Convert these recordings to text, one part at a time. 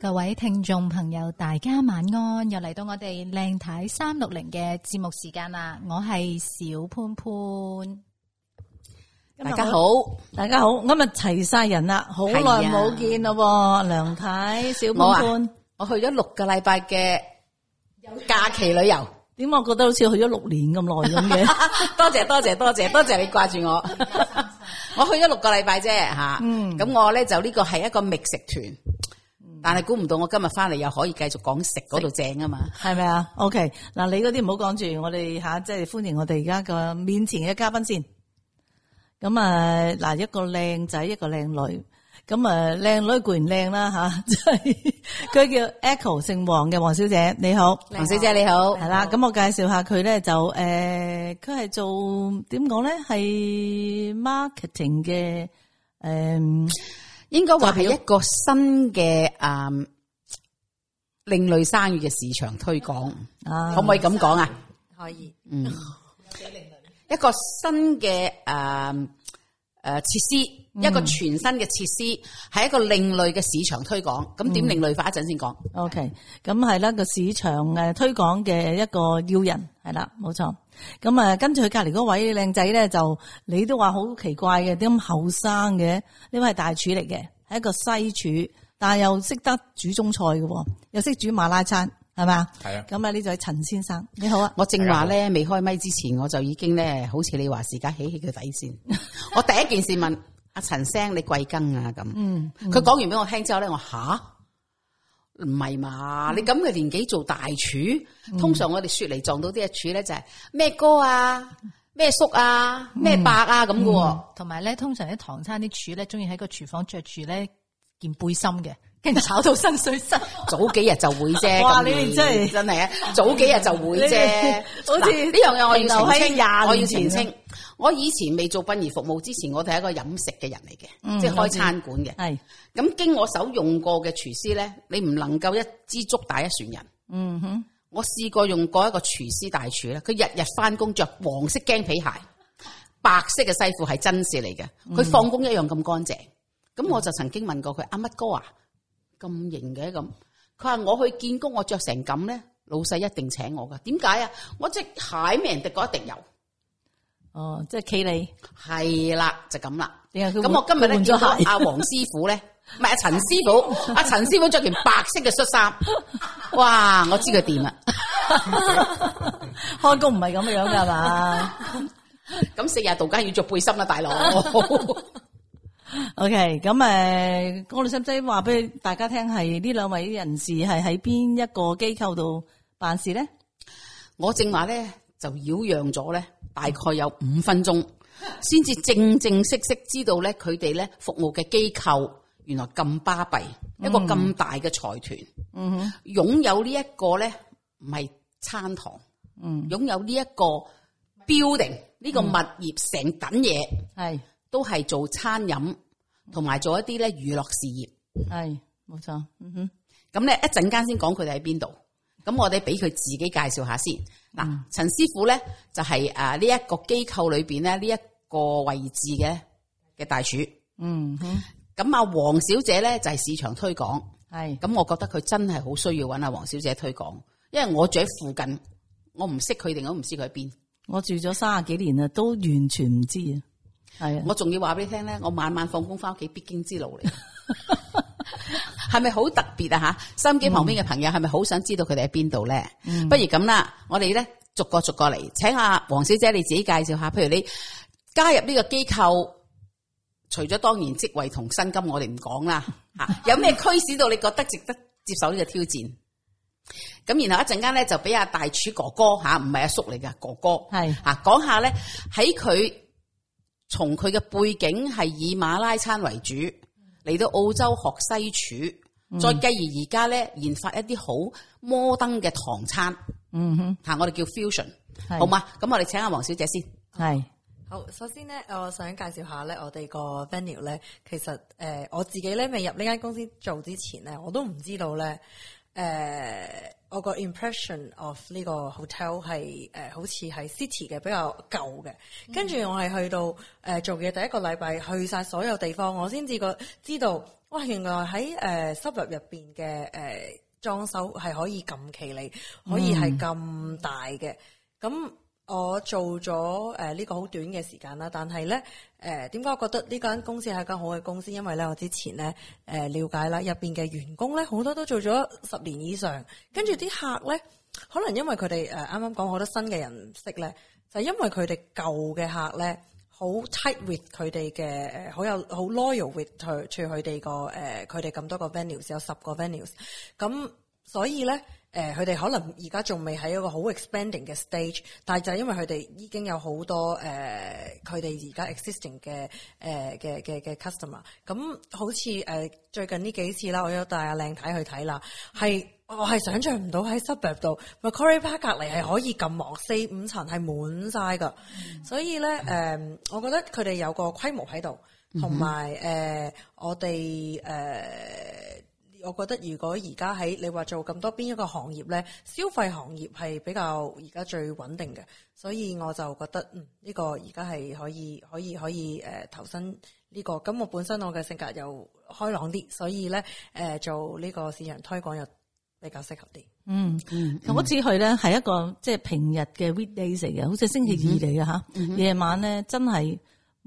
各位聽眾朋友，大家晚安，又嚟到我哋靚太三六零嘅節目時間啦！我係小潘潘。大家好，大家好，今日齊晒人啦，好耐冇見喎，梁太、小潘潘、啊，我去咗六個禮拜嘅有假期旅遊，點解我覺得好似去咗六年咁耐咁嘅？多謝多謝多謝 多謝你掛住我， 我去咗六個禮拜啫，吓、嗯，咁我咧就呢個係一個覓食團，嗯、但係估唔到我今日翻嚟又可以繼續講食嗰度正啊嘛，係咪啊？OK，嗱，你嗰啲唔好講住，我哋吓即係歡迎我哋而家個面前嘅嘉賓先。咁啊，嗱一個靚仔，一個靚女。咁啊，靚女固然靚啦吓，即係佢叫 Echo，姓王嘅王小姐，你好，王小姐你好，係啦。咁我介紹下佢咧，就誒，佢係做點講咧，係 marketing 嘅，誒，應該話係一個新嘅啊另類生意嘅市場推廣，可唔可以咁講啊？可以，嗯。一個新嘅誒誒設施，一個全新嘅設施，係、嗯、一個另類嘅市場推廣。咁點、嗯、另類法？Okay, 一陣先講。OK，咁係啦個市場誒推廣嘅一個要人係啦，冇錯。咁啊，跟住佢隔籬嗰位靚仔咧，就你都話好奇怪嘅，啲咁後生嘅？呢位係大廚嚟嘅，係一個西廚，但係又識得煮中菜嘅，又識煮馬拉餐。係嘛？係啊！咁啊，呢就係陳先生，你好啊！我正話咧，未、啊、開麥之前，我就已經咧，好似你話，時間起起佢底先。 我第一件事問阿陳生，你貴庚啊？咁、嗯，嗯，佢講完俾我聽之後咧，我吓，唔係嘛？嗯、你咁嘅年紀做大廚，通常我哋雪梨撞到啲廚咧，就係咩哥啊、咩叔啊、咩伯啊咁喎。同埋咧，通常喺唐餐啲廚咧，中意喺個廚房着住咧件背心嘅。跟住炒到身水身，早幾日就會啫。哇！你哋真係真係啊，早幾日就會啫。好似呢樣嘢，我要澄清。我要澄清。我以前未做殯儀服務之前，我哋係一個飲食嘅人嚟嘅，即係開餐館嘅。係咁經我手用過嘅廚師咧，你唔能夠一支竹打一船人。嗯哼，我試過用過一個廚師大廚啦，佢日日翻工着黃色膠皮鞋，白色嘅西褲係真事嚟嘅。佢放工一樣咁乾淨。咁我就曾經問過佢：阿乜哥啊？咁型嘅咁，佢話、啊、我去見工，我着成咁咧，老細一定請我噶。點解啊？我只蟹命滴過一滴油，哦，即係企你係啦，就咁啦。咁我今日換咗阿阿黃師傅咧，唔係阿陳師傅，阿、啊、陳師傅着件白色嘅恤衫。 哇，我知佢掂啦，開工唔係咁樣樣噶係嘛？咁四十度家要着背心啦，大佬。 O K，咁誒，我哋使唔使話俾大家聽，係呢兩位人士係喺邊一個機構度辦事咧？我正話咧就繞攘咗咧，大概有五分鐘，先至 正正式式知道咧佢哋咧服務嘅機構原來咁巴閉，嗯、一個咁大嘅財團，嗯，擁有呢一個咧唔係餐堂，嗯，擁有呢一個 building 呢個物業成緊嘢，係、嗯。都係做餐飲，同埋做一啲咧娛樂事業。係，冇錯。咁咧一陣間先講佢哋喺邊度。咁我哋俾佢自己介紹下先。嗱、嗯，陳師傅咧就係呢一個機構裏邊咧呢一個位置嘅嘅大廚。嗯哼，咁阿黃小姐咧就係市場推廣。係是，咁我覺得佢真係好需要揾阿黃小姐推廣，因為我住喺附近，我唔識佢定我唔知佢喺邊。我住咗卅幾年啦，都完全唔知啊。係，我仲要話俾你聽咧，我晚晚放工返屋企必經之路嚟，係咪好特別啊？吓，收音機旁邊嘅朋友，係咪好想知道佢哋喺邊度咧？嗯，不如咁啦，我哋咧逐個逐個嚟，請阿黃小姐你自己介紹下，譬如你加入呢個機構，除咗當然職位同薪金我，我哋唔講啦，吓，有咩驅使到你覺得值得接受呢個挑戰？咁然後一陣間咧，就俾阿大廚哥哥吓，唔係阿叔嚟嘅哥哥，係吓講下咧喺佢。從佢嘅背景係以馬拉餐為主，嚟到澳洲學西廚，再繼而而家咧研發一啲好摩登嘅唐餐，嗯哼，吓我哋叫 fusion，好嘛？咁是我哋請阿黃小姐先，係是好。首先咧，我想介紹下咧，我哋個 venue 咧，其實誒，我自己咧未入呢間公司做之前咧，我都唔知道咧，誒、呃。我個 impression of 呢個 hotel 係好似係 city 嘅比較舊嘅，跟住我係去到、呃、做嘢第一個禮拜去晒所有地方，我先至覺知道，哇！原來喺誒室入邊嘅誒裝修係可以咁奇麗，嗯、可以係咁大嘅，咁。我做咗呢、呃這個好短嘅時間啦，但係咧點解我覺得呢間公司係間好嘅公司？因為咧我之前咧、呃、了解啦，入面嘅員工咧好多都做咗十年以上，跟住啲客咧可能因為佢哋啱啱講好多新嘅人認識咧，就是、因為佢哋舊嘅客咧好 tight with 佢哋嘅，好有好 loyal with 佢，除佢哋個佢哋咁多個 venue s 有十個 venue，s 咁所以咧。誒佢哋可能而家仲未喺一個好 expanding 嘅 stage，但係就係因為佢哋已經有好多、呃呃 customer，嗯、好多誒，佢哋而家 existing 嘅誒嘅嘅嘅 customer。咁好似誒最近呢幾次啦，我有帶阿靚太去睇啦，係、嗯、我係想象唔到喺 suburb 度 Macquarie Park 隔離係可以咁忙，四五、嗯、層係滿晒噶。嗯、所以咧誒、呃，我覺得佢哋有個規模喺度，同埋誒我哋誒。呃我覺得如果而家喺你話做咁多邊一個行業咧，消費行業係比較而家最穩定嘅，所以我就覺得嗯呢、呢個而家係可以可以可以誒、呃、投身呢、呢個。咁我本身我嘅性格又開朗啲，所以咧誒、呃、做呢個市場推廣又比較適合啲、嗯。嗯，好似去咧係一個即係平日嘅 weekday 嚟嘅，好似星期二嚟嘅吓，夜、嗯嗯、晚咧真係。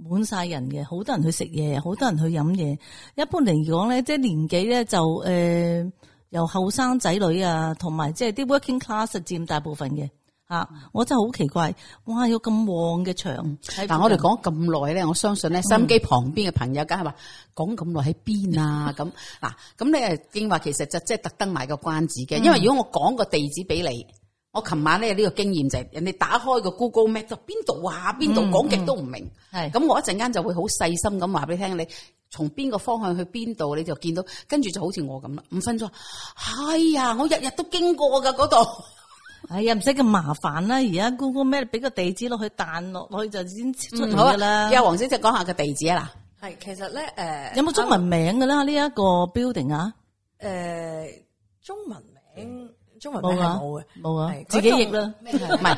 滿晒人嘅，好多人去食嘢，好多人去飲嘢。一般嚟講咧，即係年紀咧就誒、呃，由後生仔女啊，同埋即係啲 working class 佔大部分嘅吓、啊。我真係好奇怪，哇，有咁旺嘅場。但我哋講咁耐咧，嗯、我相信咧，收音機旁邊嘅朋友梗係話，講咁耐喺邊啊？咁嗱，咁咧，建話其實就即係特登賣個關子嘅，因為如果我講個地址俾你。我琴晚咧呢個經驗就係、是，人哋打開個 Google Map，邊度啊邊度，講極、嗯嗯、都唔明。係咁是，我一陣間就會好細心咁話俾你聽，你從邊個方向去邊度，你就見到，跟住就好似我咁啦。五分鐘，哎呀，我日日都經過噶嗰度。哎呀，唔使咁麻煩啦。而家 Google Map 俾個地址落去彈落去就出、嗯、先出口噶啦。阿黃小姐講下個地址啊嗱，係其實咧誒，呃、有冇中文名噶啦呢一個 building 啊？誒、啊呃，中文名。中文名係冇嘅，冇啊，自己譯啦。唔係，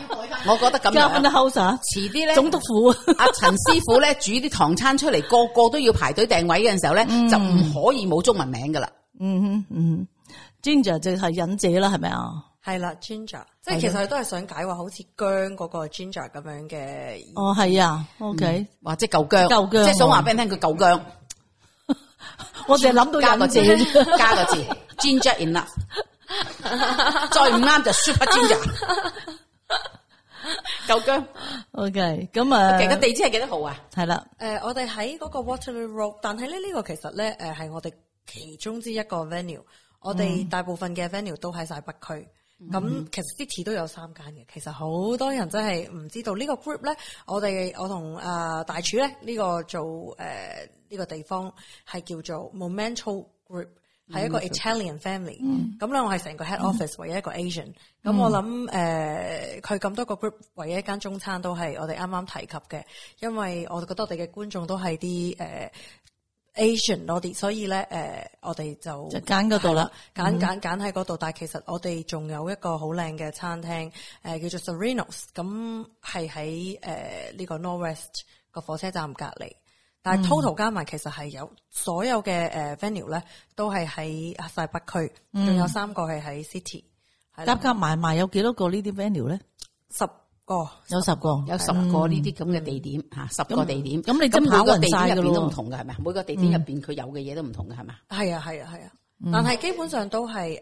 我覺得咁樣。遲啲咧，總督府阿陳師傅咧煮啲唐餐出嚟，個個都要排隊訂位嘅時候咧，就唔可以冇中文名噶啦。嗯嗯嗯，ginger 就係忍者啦，係咪啊？係啦，ginger，即係其實都係想解話，好似薑嗰個 ginger 咁樣嘅。哦，係啊。OK，或者夠薑，夠薑，即係想話俾你聽佢夠薑。我淨係諗到忍者，加個字 ginger enough。 再唔啱就 Super s shoot 不專人！夠薑、okay, 嗯。OK，咁啊，個地址係幾多號啊？係啦了，誒、呃，我哋喺嗰個 Waterloo Road，但係咧呢、這個其實咧，誒、呃、係我哋其中之一個 venue，我哋大部分嘅 venue 都喺晒北區。咁、嗯、其實 City 都有三間嘅，其實好多人真係唔知道呢、這個 group 咧，我哋我同、呃、大廚咧呢、這個做誒呢、呃這個地方係叫做 Momentum Group。係一個 Italian family，咁咧我係成個 head office、嗯、唯一一個 Asian，咁、嗯、我諗誒佢咁多個 group，唯一一間中餐都係我哋啱啱提及嘅，因為我覺得我哋嘅觀眾都係啲、呃、Asian 多啲，所以咧誒、呃、我哋就揀嗰度啦，揀揀揀喺嗰度，嗯、但係其實我哋仲有一個好靚嘅餐廳，呃、叫做 Serenos，咁、嗯、係喺呢、呃呢個 Norwest 個火車站隔離。但係 total 加埋，其實係有所有嘅誒 venue 咧，都係喺西北區，仲有三個係喺 city，加加埋埋有幾多個呢啲 venue 咧？十個，有十個，有十個呢啲咁嘅地點吓，十個地點。咁你跑個地入邊都唔同嘅係咪？每個地點入邊佢有嘅嘢都唔同嘅係咪？係啊係啊係啊，但係基本上都係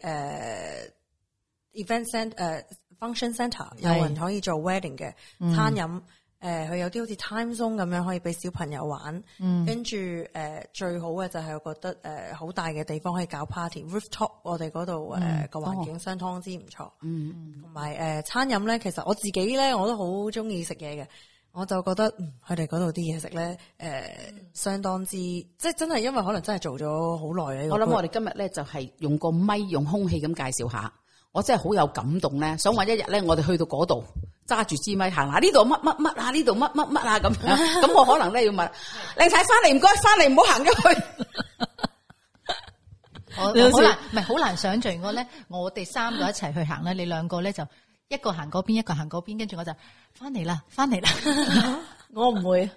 event cent 誒 function centre，有人可以做 wedding 嘅餐飲。誒，佢、呃、有啲好似 Timezone 咁樣可以俾小朋友玩，跟住誒最好嘅就係我覺得誒好、呃、大嘅地方可以搞 party。rooftop 我哋嗰度誒個環境相當之唔錯，嗯同埋誒餐飲咧，其實我自己咧我都好中意食嘢嘅，我就覺得佢哋嗰度啲嘢食咧，誒、呃呃嗯、相當之即係真係因為可能真係做咗好耐嘅。我諗我哋今日咧就係用個咪用空氣咁介紹下，我真係好有感動咧，想話一日咧我哋去到嗰度。揸住支咪行下呢度乜乜乜啊呢度乜乜乜啊咁，咁我可能咧要問，靚仔翻嚟唔該，翻嚟唔好行咗去。我好難，唔係好難想象我咧，我哋三個一齊去行咧，你兩個咧就一個行嗰邊，一個行嗰邊，跟住我就翻嚟啦，翻嚟啦。我唔會，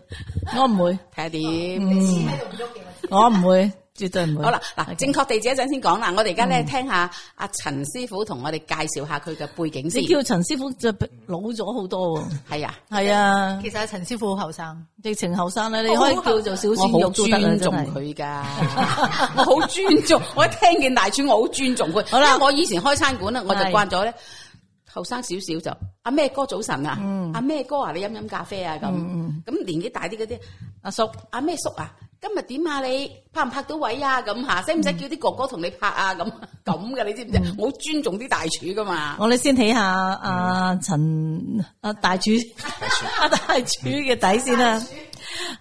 我唔會睇下點。我唔會。絕對唔會。好啦，嗱，正確地址一陣先講啦。我哋而家咧聽下阿陳師傅同我哋介紹下佢嘅背景先。你叫陳師傅就老咗好多喎，係啊，係啊。其實阿陳師傅好後生，直情後生咧，你可以叫做小鮮肉。我好尊重佢噶，我好尊重。我一聽見大廚，我好尊重佢。好啦，因為我以前開餐館啦，我就慣咗咧，後生少少就阿咩哥早晨啊，阿咩哥啊，你飲飲咖啡啊咁。咁年紀大啲嗰啲阿叔，阿咩叔啊。今日點啊？你拍唔拍到位啊？咁吓，使唔使叫啲哥哥同你拍啊？咁咁嘅，你知唔知？嗯、我好尊重啲大廚噶嘛我。我哋先睇下阿陳阿大廚阿 大廚主嘅底先啦。嗯、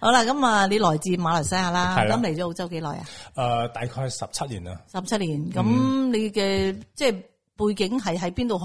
好啦，咁啊，你來自馬來西亞啦。咁嚟咗澳洲幾耐啊？誒、呃，大概十七年啦。十七年，咁你嘅即係。嗯，即係背景係喺邊度學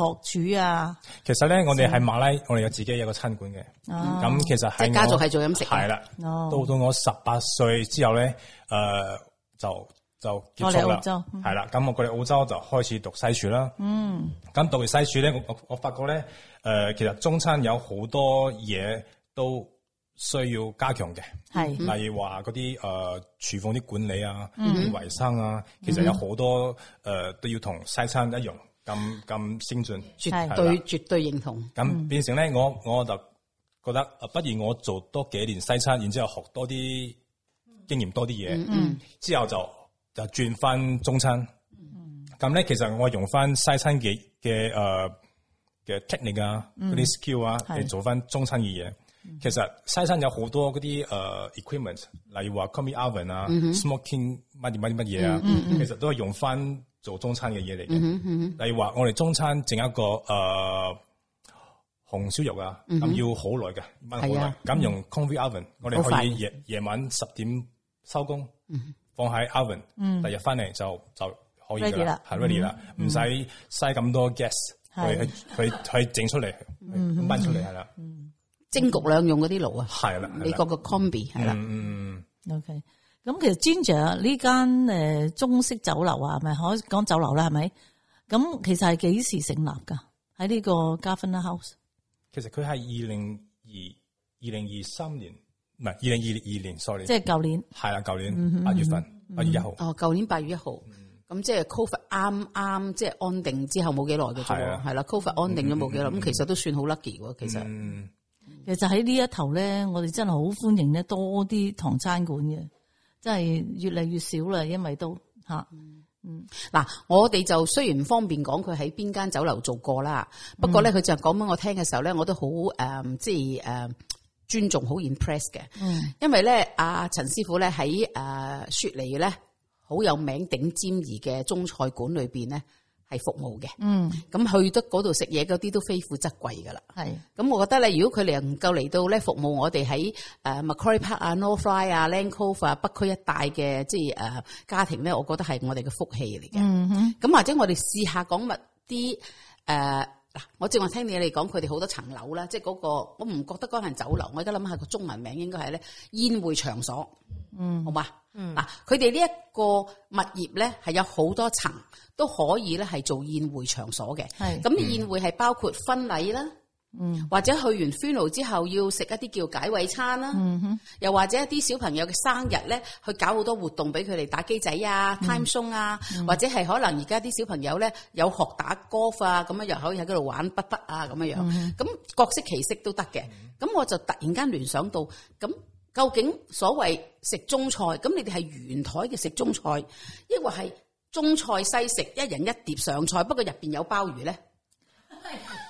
煮啊？其實咧，我哋喺馬拉，我哋有自己有一個餐館嘅。咁、啊、其實係家族係做飲食嘅。係啦了，到、哦、到我十八歲之後咧，誒、呃、就就結束啦。係啦、啊，咁我過嚟澳洲就開始讀西廚啦。嗯，咁讀完西廚咧，我我發覺咧，誒、呃、其實中餐有好多嘢都需要加強嘅。係是，例如話嗰啲誒廚房啲管理啊，衛、嗯、生啊，其實有好多誒、嗯呃、都要同西餐一樣。咁咁先進，絕對絕對認同。咁變成咧，我我就覺得，不如我做多幾年西餐，然之後學多啲經驗多啲嘢，之後就就轉翻中餐。咁咧，其實我用翻西餐嘅嘅誒嘅 technique 啊，嗰啲 skill 啊，嚟做翻中餐嘅嘢。其實西餐有好多嗰啲誒 equipment，例如話 combi oven 啊、smoking 乜嘢乜嘢乜嘢啊，其實都係用翻，做中餐嘅嘢嚟嘅，例如話我哋中餐整一個誒紅燒肉啊，咁要好耐㗎，燜好耐。咁用 combi oven，我哋可以夜夜晚十點收工，放喺 oven，第日翻嚟就就可以啦，係 ready 啦，唔使嘥咁多 gas 去去去整出嚟，燜出嚟係啦，蒸焗兩用嗰啲爐啊，係啦，美國嘅 combi 係啦，OK。咁其實 Jinja 呢間誒中式酒樓啊，係咪可以講酒樓啦，係咪？咁其實係幾時成立噶？喺呢個 governor house。其實佢係二零二二零二三年，唔係二零二二年，sorry。即係舊年。係啊，舊年八、嗯、哼月份八、嗯、月一號。哦，舊年八月一號，咁、嗯、即係 COVID 啱啱即係安定之後冇幾耐嘅啫，係啦、啊。COVID 安定咗冇幾耐，咁、嗯嗯、其實都算好 lucky 嘅。嗯、其實，嗯、其實喺呢一頭咧，我哋真係好歡迎咧，多啲唐餐館嘅。真係越嚟越少啦，因為都吓、嗯嗯，嗯，嗱，我哋就雖然唔方便講佢喺邊間酒樓做過啦，不過咧佢就講俾我聽嘅時候咧，我都好誒，即係誒，尊重好 impress 嘅，嗯，因為咧阿陳師傅咧喺誒雪梨咧好有名頂尖而嘅中菜館裏邊咧。係服務嘅，嗯，咁去到嗰度食嘢嗰啲都非富則貴噶啦，係是。咁我覺得咧，如果佢哋唔夠嚟到咧服務我哋喺誒 Macquarie Park 啊、North Fly 啊、Lane Cove 啊北區一帶嘅即係誒家庭咧，我覺得係我哋嘅福氣嚟嘅。嗯哼，咁或者我哋試下講物啲誒。呃我正話聽你哋講，佢哋好多層樓啦，即係嗰個，我唔覺得嗰間酒樓，我而家諗下個中文名應該係咧宴會場所，嗯，好嘛吧，嗯，嗱，佢哋呢一個物業咧係有好多層，都可以咧係做宴會場所嘅，係是，咁宴會係包括婚禮啦。嗯，或者去完 funeral 之後要食一啲叫解胃餐啦、啊，嗯、哼又或者一啲小朋友嘅生日咧，去搞好多活動俾佢哋打機仔啊、 嗯、 Timezone 啊，嗯、或者係可能而家啲小朋友咧有學打 golf 啊，咁樣又可以喺嗰度玩筆筆啊，咁樣樣，咁、嗯、哼各式其式都得嘅。咁、嗯、我就突然間聯想到，咁究竟所謂食中菜，咁你哋係圓台嘅食中菜，抑或係中菜西食一人一碟上菜，不過入邊有鮑魚咧？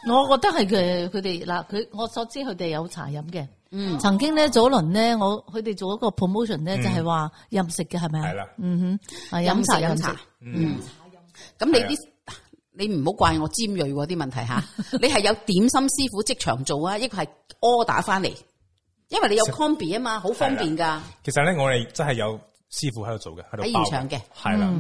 我覺得係佢佢哋嗱，佢我所知佢哋有茶飲嘅。嗯，曾經咧，早輪咧，我佢哋做一個 promotion 咧，就係話任食嘅係咪啊？係啦，嗯哼，飲茶飲茶。嗯，咁你啲你唔好怪我尖銳啲問題吓，你係有點心師傅即場做啊，一個係 order 打返嚟，因爲你有 combine 啊嘛，好方便噶。其實咧，我哋真係有師傅喺度做嘅，喺現場嘅，係啦，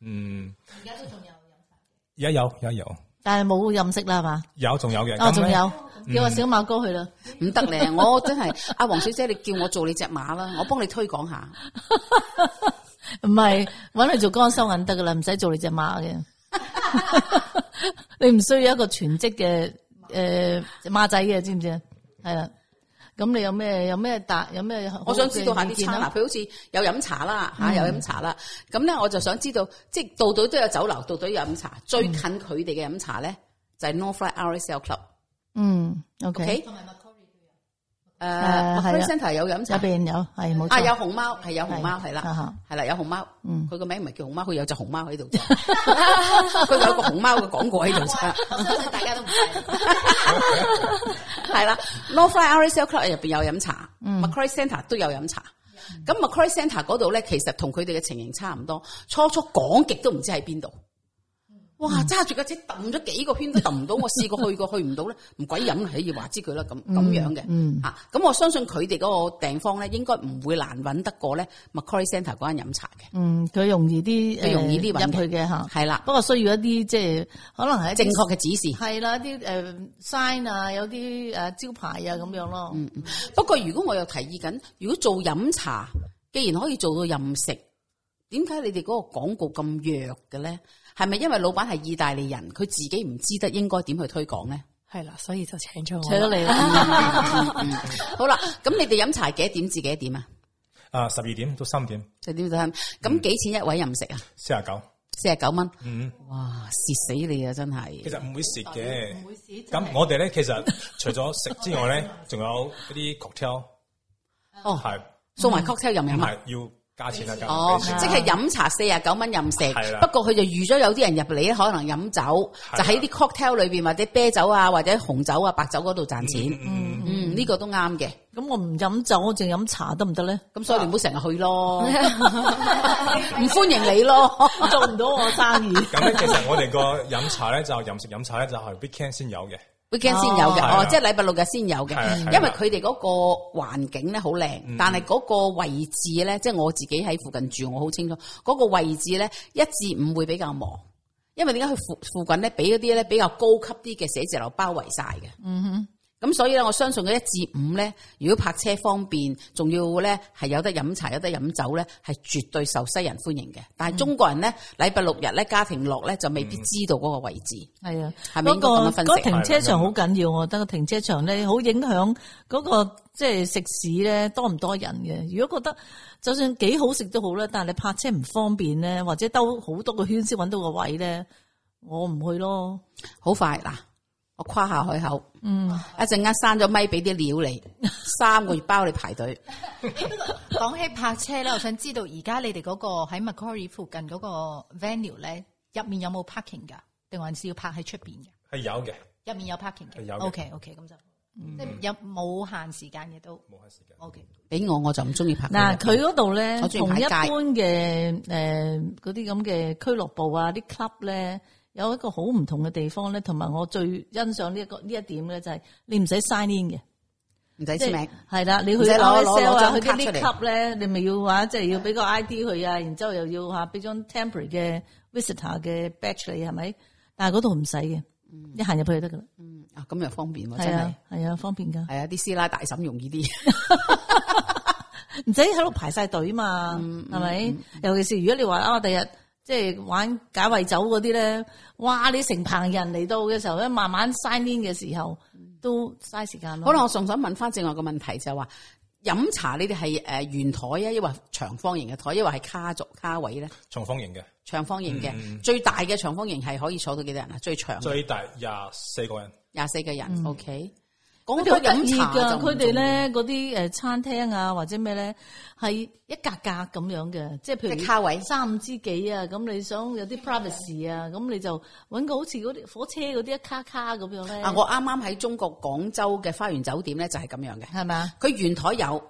嗯，而家都仲有，有，而家有。但係冇認識啦，係嘛？有，仲有嘅。哦，仲有，今 有叫阿小馬哥去啦，唔得咧。我真係阿黃小姐，你叫我做你隻馬啦，我幫你推廣下。唔係， 搵你做干收銀得噶啦，唔使做你隻馬嘅。 你唔需要一個全職嘅誒馬仔嘅，知唔知啊？係啦。咁你有咩有咩答有咩？有好，我想知道下啲餐，佢好似有飲茶啦嚇，嗯、有飲茶啦。咁咧我就想知道，即係隊度都有酒樓，到度有飲茶。最近佢哋嘅飲茶咧、嗯、就係 Northfly RSL Club 嗯。嗯，OK。Okay? 誒，cry center 有飲茶，入邊有係冇？啊有熊貓，係有熊貓，係啦，係啦有熊貓，佢個名唔係叫熊貓，佢有隻熊貓喺度啫，佢有個熊貓嘅廣告喺度啫，大家都唔知。係啦 l o w f a r e r i s h l club 入邊有飲茶 m c r y center 都有飲茶，咁 m c r y center 嗰度咧，其實同佢哋嘅情形差唔多，初初講極都唔知喺邊度。哇！揸住架車揼咗幾個圈都揼唔到，我 試過去過去唔到咧，唔鬼飲可以話知佢啦，咁咁樣嘅，吓咁、嗯嗯啊、我相信佢哋嗰個地方咧，應該唔會難揾得過咧。Macquarie Centre 嗰間飲茶嘅，嗯，佢容易啲，佢容易啲揾佢嘅吓，係啦、呃，不過需要一啲即係可能喺正確嘅指示，係啦，啲誒 sign 啊，有啲誒招牌啊咁樣咯。嗯嗯、不過如果我又提議緊，如果做飲茶，既然可以做到任食。點解你哋嗰個廣告咁弱嘅咧？係咪因為老闆係意大利人，佢自己唔知得應該點去推廣咧？係啦，所以就請咗我，請咗你啦。好啦，咁你哋飲茶幾點至幾點啊？啊，十二點到三點。十二點到三點。咁幾錢一位任食啊？四十九，四十九蚊。嗯。哇，蝕死你啊！真係。其實唔會蝕嘅。唔會蝕。咁我哋咧，其實除咗食之外咧，仲有嗰啲 cocktail。哦，係送埋 cocktail 入嚟係要。價錢啦，哦，即係飲茶四十九蚊任食，對了 不過佢就預咗有啲人入嚟咧，可能飲酒，對了 就喺啲 cocktail 裏邊或者啤酒啊，或者紅酒啊、白酒嗰度賺錢。嗯，呢、嗯嗯、個都啱嘅。咁我唔飲酒，我淨飲茶得唔得咧？咁所以你唔好成日去咯，唔 歡迎你咯， 做唔到我生意。咁咧，其實我哋個飲茶咧，就飲食飲茶咧，就係 begin 先有嘅。weekend 先有嘅，哦，哦是的即係禮拜六日先有嘅，的的因為佢哋嗰個環境咧好靚，是的但係嗰個位置咧，即係、嗯、我自己喺附近住，我好清楚，嗰、嗰個位置咧一至五會比較忙，因為點解佢附附近咧俾嗰啲咧比較高級啲嘅寫字樓包圍晒嘅，嗯哼。咁所以咧，我相信佢一至五咧，如果泊車方便，仲要咧係有得飲茶、有得飲酒咧，係絕對受西人歡迎嘅。但係中國人咧，禮拜六日咧，家庭樂咧，就未必知道嗰個位置。係啊的，係咪應該咁樣分析？嗰個停車場好緊要，我覺得個停車場咧，好影響嗰個即係食肆咧，多唔多人嘅。如果覺得就算幾好食都好啦，但係你泊車唔方便咧，或者兜好多個圈先揾到個位咧，我唔去咯。好快嗱。我跨下海口，嗯，一陣間閂咗咪俾啲料你，三個月包你排隊。講 起泊車咧，我想知道而家你哋嗰個喺 Macquarie 附近嗰個 venue 咧，入面有冇 parking 噶，定還是要泊喺出邊嘅？係有嘅，入面有 parking 嘅。有嘅。O K O K，咁就即係、嗯、有冇限時間嘅都冇限時間。O K，俾我我就唔中意泊。嗱，佢嗰度咧，同一般嘅誒嗰啲咁嘅俱樂部啊，啲 club 咧。有一個好唔同嘅地方咧，同埋我最欣賞呢一個呢一點咧，就係你唔使 sign in 嘅，唔使簽名係啦。你去 sell 卡出嚟，cup 咧，你咪要話即係要俾個 I D 佢啊，然之後又要話俾張 temporary 嘅 visitor 嘅 batch 你，係咪？但係嗰度唔使嘅，你行入去就得噶啦。啊、嗯，咁又方便真係，係啊，方便噶，係啊，啲師奶大嬸容易啲，唔使喺度排晒隊嘛，係雷咪 尾 personnes？尤其是如果你話啊，第日。即係玩解圍酒嗰啲咧，哇！你成棚人嚟到嘅時候咧，慢慢 sign in 嘅時候都嘥時間。可能我仲想問翻正話個問題就係、是、話，飲茶你哋係誒圓台啊，抑或長方形嘅台，抑或係卡座卡位咧？方長方形嘅，嗯、長方形嘅最大嘅長方形係可以坐到幾多人啊？最長最大廿四個人，廿四個人。嗯、OK。講到飲茶噶，佢哋咧嗰啲誒餐廳啊或者咩咧，係一格格咁樣嘅，即係譬如卡位，三五知己啊，咁你想有啲 privacy 啊，咁你就揾個好似嗰啲火車嗰啲一卡卡咁樣咧。啊，我啱啱喺中國廣州嘅花園酒店咧，就係咁樣嘅，係咪啊？佢圓台有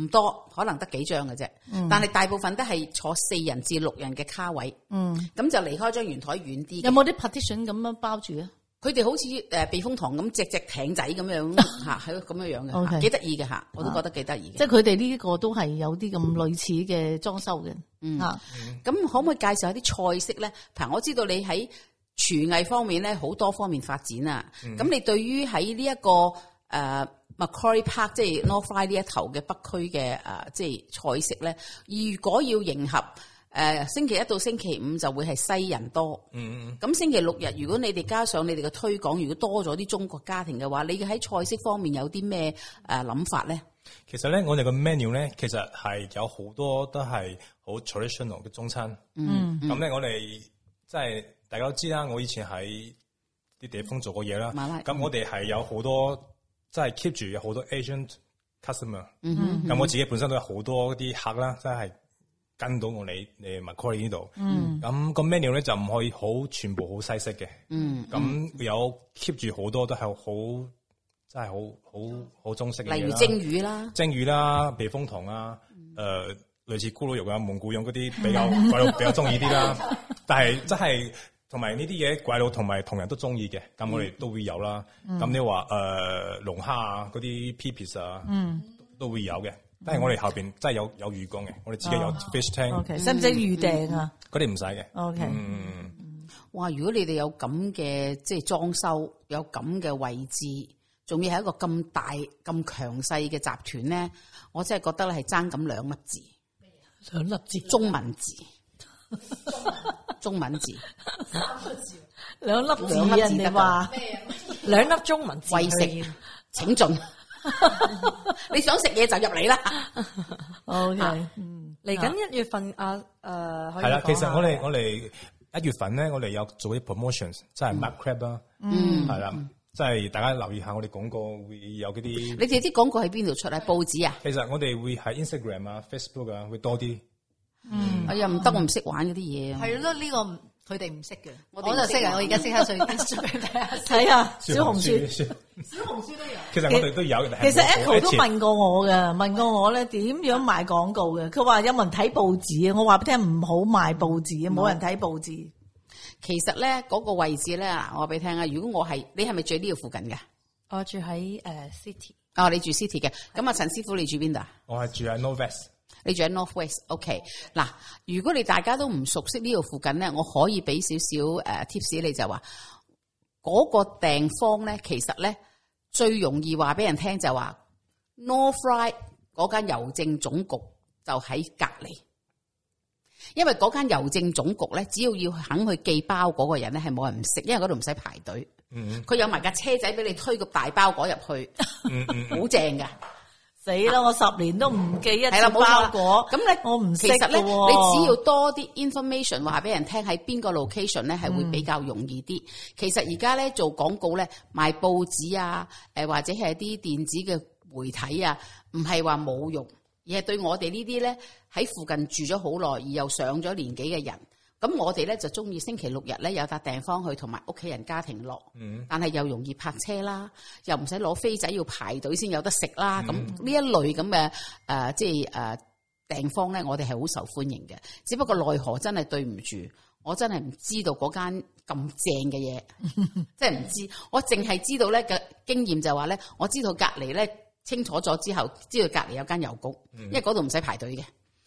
唔多，可能得幾張嘅啫，但係大部分都係坐四人至六人嘅卡位。嗯，咁就離開張圓台遠啲。有冇啲 partition 咁樣包住啊？佢哋好似誒避風塘咁，只隻艇仔咁樣嚇，係咯，咁樣樣嘅，幾得意嘅嚇，我都覺得幾得意。即係佢哋呢一個都係有啲咁類似嘅裝修嘅。嗯，咁是、嗯、可唔可以介紹下啲菜式咧？嗱，我知道你喺廚藝方面咧，好多方面發展啊。咁、嗯、你對於喺呢一個誒、呃、Macquarie Park 即係 North Ryde 呢一頭嘅北區嘅誒即係菜式咧，如果要迎合。誒、呃、星期一到星期五就會係西人多，咁、嗯嗯、星期六日如果你哋加上你哋嘅推廣，如果多咗啲中國家庭嘅話，你喺菜式方面有啲咩誒諗法咧？其實咧，我哋嘅 menu 咧，其實係有好多都係好 traditional 嘅中餐。嗯，嗯呢，咁咧我哋即係大家都知啦、啊，我以前喺啲地方做過嘢啦。咁、嗯嗯、我哋係有好多即係、就是、keep 住有好多 Asian customer。嗯，嗯，咁、嗯、我自己本身都有好多啲客啦，真係。跟到我哋 Macquarie 呢度，咁個 menu 咧就唔可以好全部好西式嘅。咁有 keep 住好多都係好真係好好好中式嘅，例如蒸魚啦、蒸魚啦、避風塘啊，誒類似咕嚕肉啊、蒙古肉嗰啲比較鬼佬比較中意啲啦，但係真係同埋呢啲嘢鬼佬同埋同人都中意嘅，咁我哋都會有啦。咁你話誒龍蝦啊嗰啲 pipis 啊，都會有嘅。即係我哋後邊真係有有員工嘅，我哋自己有 fish tank。O K，使唔使預訂啊？佢哋唔使嘅。O K，嗯，哇！如果你哋有咁嘅即係裝修，有咁嘅位置，仲要係一個咁大咁強勢嘅集團咧，我真係覺得咧係爭咁兩粒字，兩粒字，中文字，中文字，三個字，兩粒兩粒字得㗎，兩粒中文字。喂食請進。你想食嘢就入嚟啦。O K，嚟緊一月份，yeah. 啊，誒、呃，係啦。其實我哋我哋一月份咧，我哋有做啲 promotions，即係 mac crab 啦。嗯，係啦，啊，即係，嗯嗯，大家留意下，我哋廣告會有嗰啲。你哋啲廣告喺邊度出？係報紙啊？其實我哋會喺 Instagram 啊，Facebook 啊，會多啲。嗯，嗯，哎呀，唔，嗯，得，我唔識玩嗰啲嘢。係咯，呢個。佢哋唔識嘅，我，我就識啊！識的我而家即刻上 apps 俾大家睇下小紅書，小紅書都有。其實我哋都有嘅。其實 Echo 都問過我嘅，嗯、問過我咧點樣賣廣告嘅？佢話有冇人睇報紙啊？我話俾你聽唔好賣報紙啊，冇人睇報紙。嗯、其實咧嗰、嗰個位置咧，我話俾你聽啊！如果我係你，係咪住呢度附近嘅？我住喺誒、呃、City。哦，你住 City 嘅。咁啊，陳師傅你住邊度啊？我係住喺 Novas。你住喺 Northwest，OK。嗱，如果你大家都唔熟悉呢度附近咧，我可以俾少少誒 tips 你，就話嗰個地方咧，其實咧最容易話俾人聽就話 North Ryde 嗰間郵政總局就喺隔離，因為嗰間郵政總局咧，只要要肯去寄包嗰個人咧，係冇人唔識，因為嗰度唔使排隊，佢有埋架車仔俾你推個大包裹入去，好正㗎。死啦！我十年都唔記一冇效果，咁咧你我唔識。其實咧，你只要多啲 information 話俾人聽，喺邊個 location 咧係會比較容易啲。嗯，其實而家咧做廣告咧賣報紙啊、呃，或者係啲電子嘅媒體啊，唔係話冇用，而係對我哋呢啲咧喺附近住咗好耐而又上咗年紀嘅人。咁我哋咧就中意星期六日咧有笪地方去同埋屋企人家庭落，嗯、但係又容易泊車啦，嗯、又唔使攞飛仔要排隊先有得食啦。咁呢、嗯、一類咁嘅即係誒訂方咧，我哋係好受歡迎嘅。只不過奈何真係對唔住，我真係唔知道嗰間咁正嘅嘢，嗯、真係唔知。我淨係知道咧嘅、嗯、經驗就係話咧，我知道隔離咧清楚咗之後，知道隔離有間郵局，嗯、因為嗰度唔使排隊嘅，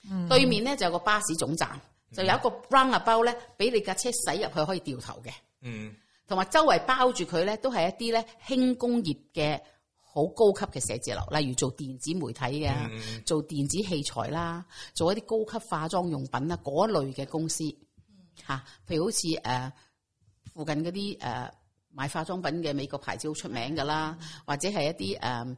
嗯、對面咧就有個巴士總站。就有一個 round 包咧，俾你架車駛入去可以掉頭嘅，嗯，同埋周圍包住佢咧，都係一啲咧輕工業嘅好高級嘅寫字樓，例如做電子媒體嘅，做電子器材啦，做一啲高級化妝用品啦，嗰類嘅公司，嚇、啊，譬如好似誒、呃、附近嗰啲誒買化妝品嘅美國牌子好出名噶啦，或者係一啲誒。呃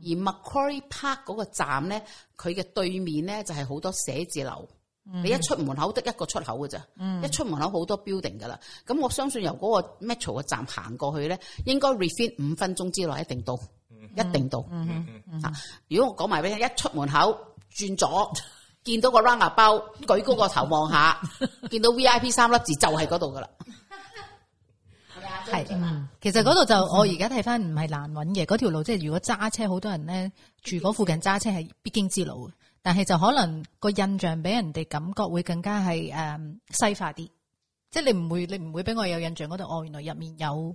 而 Macquarie Park 嗰個站咧，佢嘅對面咧就係好多寫字樓。Mm hmm. 你一出門口得一個出口噶咋，一出門口好多 building 噶啦。咁我相信由嗰個 Metro 嘅站行過去咧，應該 refit 五分鐘之內一定到，一定到。吓，如果我講埋俾你，一出門口轉左，見到個 runny 包，舉高個頭望下，mm hmm. 見到 VIP 三粒字就係嗰度噶啦。係，嗯，其實度就、嗯、我而家睇翻唔係難揾嘅，條、嗯、路即係、就是、如果揸車，好多人咧住附近揸車係必經之路嘅。但係就可能個印象俾人哋感覺會更加係誒、嗯、西化啲，即、就、係、是、你唔會你唔會俾我有印象度哦，原來入面有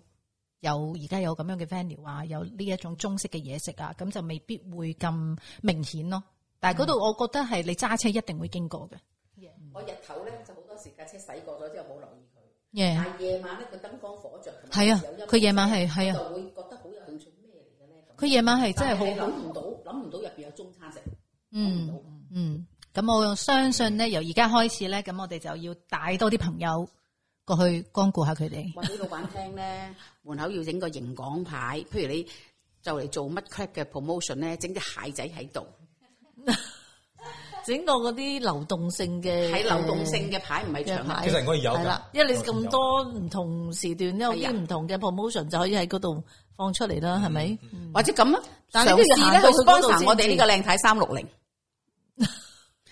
有而家有咁樣嘅 vendor 啊，有呢一種中式嘅嘢食啊，咁就未必會咁明顯咯。但係度我覺得係你揸車一定會經過嘅。嗯、我日頭咧就好多時架車駛過咗之後冇落。夜，Yeah. 夜晚咧個燈光火着，係啊，佢夜晚係係啊，就會覺得好有興趣咩嚟嘅咧？佢夜晚係真係好，諗唔到諗唔、嗯、到入邊有中餐食、嗯。嗯嗯，咁我相信咧，由而家開始咧，咁我哋就要帶多啲朋友過去光顧下佢哋。話俾老闆聽咧， 門口要整個螢光牌，譬如你就嚟做乜 cut 嘅 promotion 咧，整啲蟹仔喺度。 整個嗰啲流動性嘅，喺流動性嘅牌唔係長牌，其實可以有，係啦，因為你咁多唔同時段，有啲唔同嘅 promotion 就可以喺嗰度放出嚟啦，係咪？或者咁啦。上次咧，sponsor 我哋呢個靚太三六零，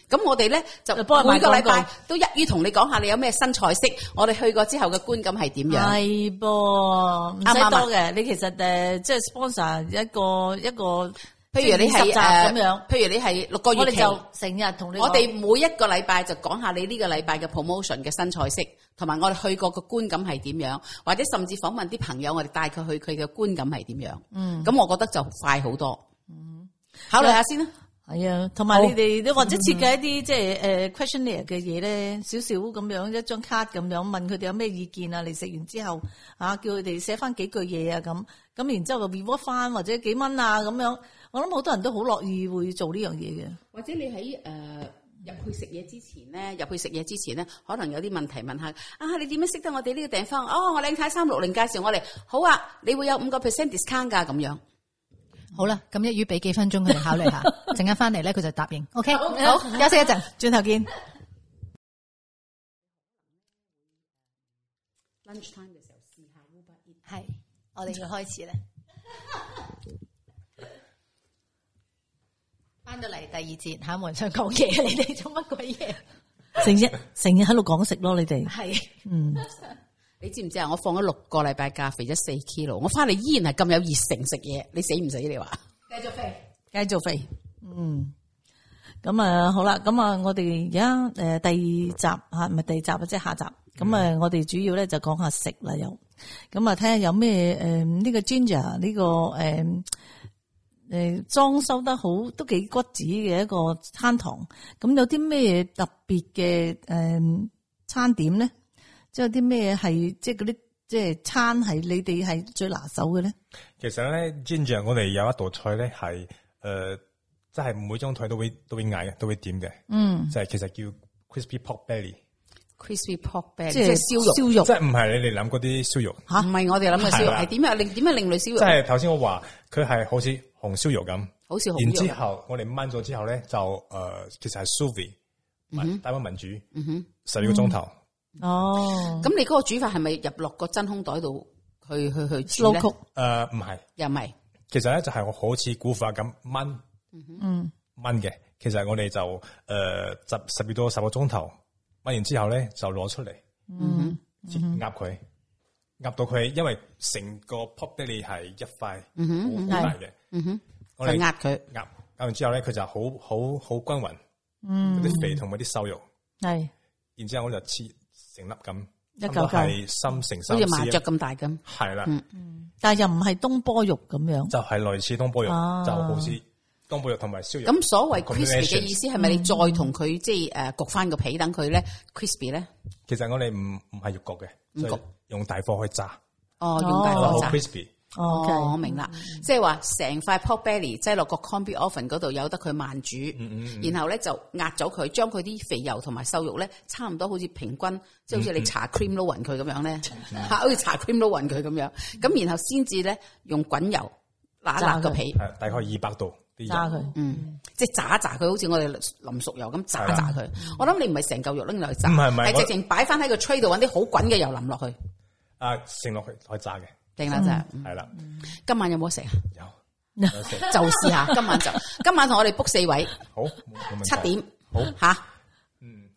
咁我哋咧就每個禮拜都一於同你講下你有咩新菜式，我哋去過之後嘅觀感係點樣？係噃，唔使多嘅。你其實誒，即係 sponsor 一個一個。譬如你係咁樣，譬如你係六個月期，我哋就成日同你講。我哋每一個禮拜就講下你呢個禮拜嘅 promotion 嘅新菜式，同埋我哋去過嘅觀感係點樣，或者甚至訪問啲朋友，我哋帶佢去，佢嘅觀感係點樣。嗯，咁我覺得就快好多。嗯，考慮下先啦。係啊有，同埋好你哋都或者設計一啲、嗯、即係誒 questionnaire 嘅嘢咧，少少咁樣一張卡咁樣問佢哋有咩意見啊？你食完之後啊，叫佢哋寫翻幾句嘢啊，咁咁然之後 reward 翻或者幾蚊啊咁樣。我諗好多人都好樂意會做呢樣嘢嘅，或者你喺誒入去食嘢之前咧，入去食嘢之前咧，可能有啲問題問下啊，你點樣識得我哋呢個地方？哦，我靚太三六零介紹我哋。好啊，你會有五個 percent discount 噶咁樣。好啦，咁一於俾幾分鐘佢哋考慮下，一陣間翻嚟咧佢就答應。OK，好，okay, 休息一陣，轉頭見。Lunch time 嘅時候試下 Uber Eats。係，我哋要開始啦。 翻到嚟第二節下冇人想講嘢，你哋做乜鬼嘢？成日成日喺度講食咯，你哋係，嗯，你知唔知啊？我放咗六個禮拜假，肥咗四 kg，我翻嚟依然係咁有熱誠食嘢，你死唔死？你話繼續肥，繼續肥，嗯。咁啊，好啦，咁啊，我哋而家誒第二集吓，唔係第二集啊，即係下集。咁啊，我哋主要咧就講下食啦，又咁啊，睇下有咩誒呢個 Jinja 呢個誒。誒，裝、嗯、修得好都幾骨子嘅一個餐堂，咁有啲咩特別嘅誒餐點咧？即係有啲咩係即係嗰啲即係餐係你哋係最拿手嘅咧？其實咧 Jinja 我哋有一道菜咧係誒，即、呃、係每張台都會都會嗌嘅，都會點嘅，點嗯，就係其實叫 Crispy Pork Belly。crispy pork 即係燒肉，即係唔係你哋諗嗰啲燒肉吓？唔係我哋諗嘅燒肉，係點啊？點啊？另類燒肉即係頭先我話佢係好似紅燒肉咁，好然之後我哋燜咗之後咧，就誒，其實係 sous vide，大温民主，十二個鐘頭。哦，咁你嗰個煮法係咪入落個真空袋度去去去 slow cook？誒，唔係又唔係？其實咧就係我好似古法咁燜，嗯燜嘅。其實我哋就誒十十二到十個鐘頭。買完之後咧就攞出嚟，嗯切壓佢，壓到佢，因為成個 pop 俾你係一塊好難嘅，我哋壓佢，壓壓完之後咧佢就好好好均匀，啲肥同埋啲瘦肉，係，然之後我就切成粒咁，一嚿嚿，係深成深，好似麻雀咁大咁，係啦，但係又唔係東坡肉咁樣，就係類似東坡肉，就好似。東坡肉同埋燒肉，咁所謂 crispy 嘅意思係咪你再同佢即係誒焗翻個皮等佢咧 crispy 咧？其實我哋唔唔係肉焗嘅，焗用大火去炸。哦，用大火炸。哦，我明啦，即係話成塊 pork belly 擠落個 combi oven 嗰度，由得佢慢煮，然後咧就壓咗佢，將佢啲肥油同埋瘦肉咧，差唔多好似平均，即係好似你搽 cream 撈匀佢咁樣咧，好似搽 cream 撈匀佢咁樣，咁然後先至咧用滾油嗱嗱個皮，大概二百度。炸佢，嗯，即係炸一炸佢，好似我哋淋熟油咁炸一炸佢。我諗你唔係成嚿肉拎落去炸，係直情擺翻喺個吹度，搵啲好滾嘅油淋落去。啊，盛落去可以炸嘅，定啦，真係係啦。今晚有冇食啊？有，就試下今晚就，今晚同我哋 book 四位，好，七點，好吓。嗯，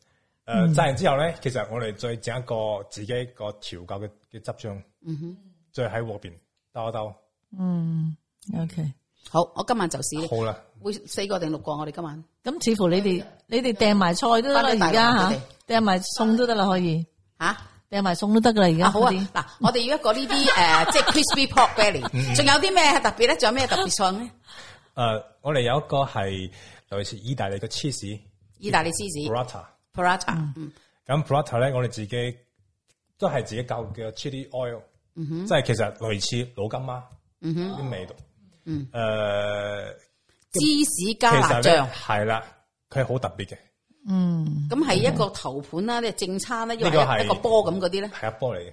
誒，炸完之後咧，其實我哋再整一個自己個調教嘅嘅汁醬，嗯哼，再喺鍋邊兜一兜。嗯，OK。好，我今晚就試。好啦，會四個定六個，我哋今晚。咁似乎你哋，你哋訂埋菜都得啦，而家吓訂埋餸都得啦，可以吓訂埋餸都得噶啦，而家好啊。嗱，我哋要一個呢啲誒，即係 crispy pork belly，仲有啲咩特別咧？仲有咩特別菜咧？誒，我哋有一個係類似意大利嘅芝士，意大利芝士。Prota，Prota，咁 Prota 咧，我哋自己都係自己教嘅 chili oil，即係其實類似老乾媽，嗯哼，啲味道。嗯，誒，芝士加辣醬，係啦，佢係好特別嘅。嗯，咁係一個頭盤啦，即係正餐咧用一個波咁嗰啲咧，係一波嚟嘅。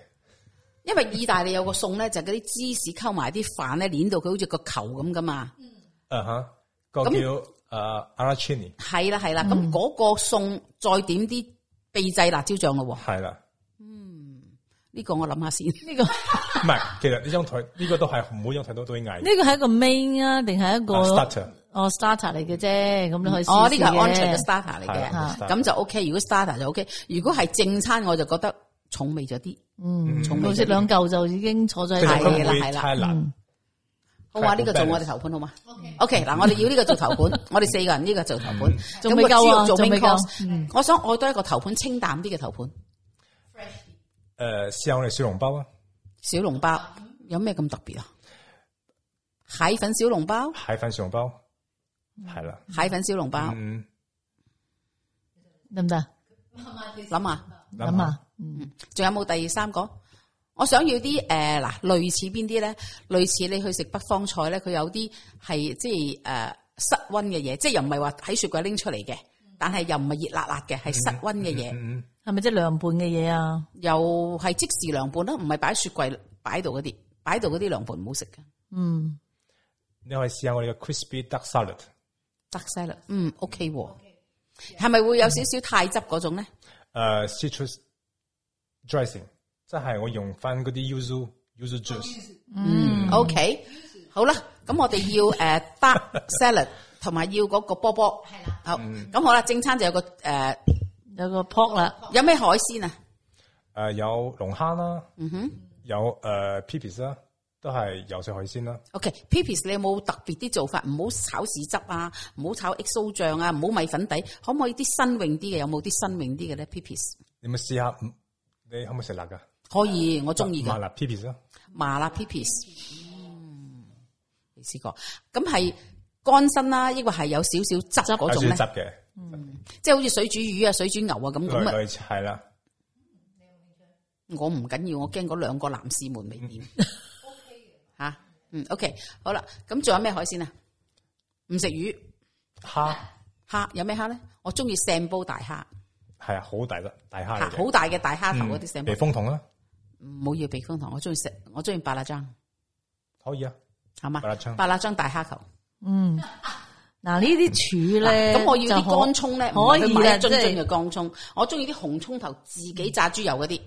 因為意大利有個餸咧，就嗰啲芝士溝埋啲飯咧，攣到佢好似個球咁噶嘛。嗯，啊嚇，個叫誒阿拉切尼。係啦係啦，咁嗰個餸再點啲秘製辣椒醬咯喎。係啦。呢個我諗下先，呢個唔係，其實呢張台呢個都係唔好用太多對眼。呢個係一個 main 啊，定係一個 starter 哦，starter 嚟嘅啫，咁你可以哦，呢個係安全嘅 starter 嚟嘅，咁就 OK。如果 starter 就 OK，如果係正餐，我就覺得重味咗啲，嗯，重味。食兩嚿就已經坐咗係啦，係啦。我話呢個做我哋頭盤好嘛？OK，嗱，我哋要呢個做頭盤，我哋四個人呢個做頭盤，仲未夠啊，仲未夠。我想要多一個頭盤，清淡啲嘅頭盤。誒，試下我哋小籠包啊！小籠包有咩咁特別啊？蟹粉小籠包，蟹粉小籠包，係啦、嗯。了蟹粉小籠包，得唔得？諗、嗯、下，諗下，嗯，仲有冇第三個？我想要啲誒，嗱、呃，類似邊啲咧？類似你去食北方菜咧，佢有啲係即係誒室温嘅嘢，即係又唔係話喺雪櫃拎出嚟嘅，但係又唔係熱辣辣嘅，係室温嘅嘢。嗯嗯嗯嗯係咪即係涼拌嘅嘢啊？又係即時涼拌啦，唔係擺雪櫃擺度嗰啲，擺度嗰啲涼拌唔好食嘅。嗯，你可以試下我哋嘅 crispy duck salad。duck salad，嗯，OK，係、哦、咪 Okay. Yeah. 會有少少泰汁嗰種咧？誒、uh,，citrus dressing，即、so、係我用翻嗰啲 yuzu yuzu juice。嗯，OK，好啦，咁我哋要誒 duck salad，同埋要嗰個波波。係啦。好，咁、mm hmm. 好啦，正餐就有個誒。Uh, 有個 pot 啦，哦哦呃，有咩海鮮啊？誒，有龍蝦啦，嗯哼，有誒 pipis 啦，都係有些海鮮啦。O、okay, K. pipis 你有冇特別啲做法？唔好炒豉汁啊，唔好炒 XO 醬啊，唔好米粉底，嗯、可唔可以啲新穎啲嘅？有冇啲新穎啲嘅咧？pipis，你咪試下，你可唔可以食辣噶？可以，我中意嘅麻辣 pipis 咯，啊、麻辣 pipis，嗯，你試過？咁係乾身啦、啊，亦或係有少汁有少汁嗰種嘅。嗯，即係好似水煮魚啊、水煮牛啊咁咁啊，係啦。我唔緊要，我驚嗰兩個男士們未點吓。嗯，OK，好啦。咁仲有咩海鮮啊？唔食魚，蝦，蝦有咩蝦咧？我中意成煲大蝦。係啊，好大粒大蝦，好大嘅大蝦頭嗰啲。避風塘啦，唔好要避風塘。我中意食，我中意白辣章，可以啊，係嘛？白辣章，白辣章大蝦頭，嗯。嗱，呢啲柱咧，咁我要啲乾葱咧，可以咧？即係嘅係乾葱。我中意啲紅葱頭，自己炸豬油嗰啲，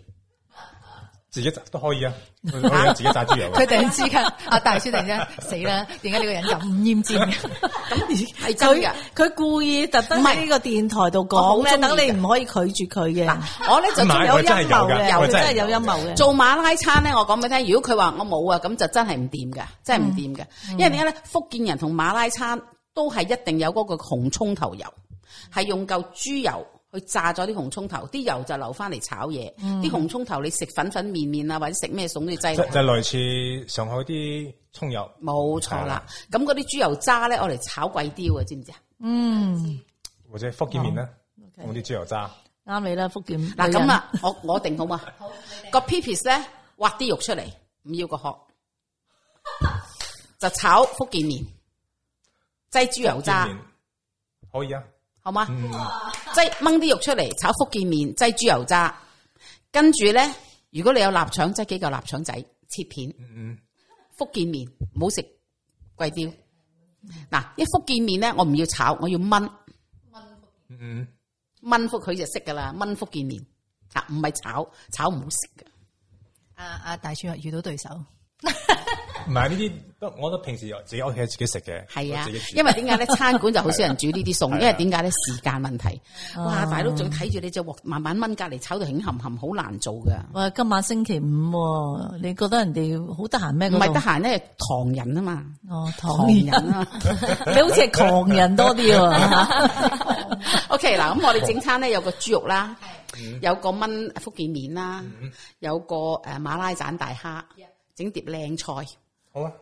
自己炸都可以啊。吓，自己炸豬油，佢突然之間，阿大叔突然之間死啦！點解你個人又唔厭尖嘅？係真噶，佢故意特登喺呢個電台度講咧，等你唔可以拒絕佢嘅。我咧就仲有陰謀嘅，真係有陰謀嘅。做馬拉餐咧，我講俾你聽，如果佢話我冇啊，咁就真係唔掂噶，真係唔掂噶。因為點解咧？福建人同馬拉餐，都係一定有嗰個紅葱頭油，係、嗯、用嚿豬油去炸咗啲紅葱頭，啲油就留翻嚟炒嘢。啲、嗯、紅葱頭你食粉粉麵面啊，或者食咩餸，都要擠。就類似上海啲葱油，冇錯啦。咁嗰啲豬油渣咧，我嚟炒貴啲嘅，知唔知啊？嗯，或者福建麵咧，哦 okay、用啲豬油渣，啱你啦。福建麵嗱咁啊，我我定好嘛。好，個 pipis 咧，挖啲肉出嚟，唔要個殼， 就炒福建麵。製豬油渣可以啊，好嘛嗎？製掹啲肉出嚟炒福建麵，製豬油渣，跟住咧，如果你有臘腸，製幾個臘腸仔切片。嗯嗯、福建麵唔好食，貴刁，嗱、嗯，一福建麵咧，我唔要炒，我要炆炆，炆、嗯、福佢就識噶啦，炆福建麵，唔係炒，炒唔好食㗎、啊。啊啊大廚啊遇到對手。 唔係呢啲，不，我覺得平時自己屋企自己食嘅。係啊，因為點解咧？餐館就好少人煮呢啲餸，因為點解咧？時間問題。哇，大佬仲睇住你隻鑊慢慢炆，隔籬炒到鹹鹹鹹，好難做噶。哇，今晚星期五，你覺得人哋好得閒咩？唔係得閒咧，係唐人啊嘛。哦，唐人啊，你好似係唐人多啲。OK，嗱，咁我哋整餐咧，有個豬肉啦，有個炆福建麵啦，有個誒馬拉盞大蝦，整碟靚菜。好啦、啊，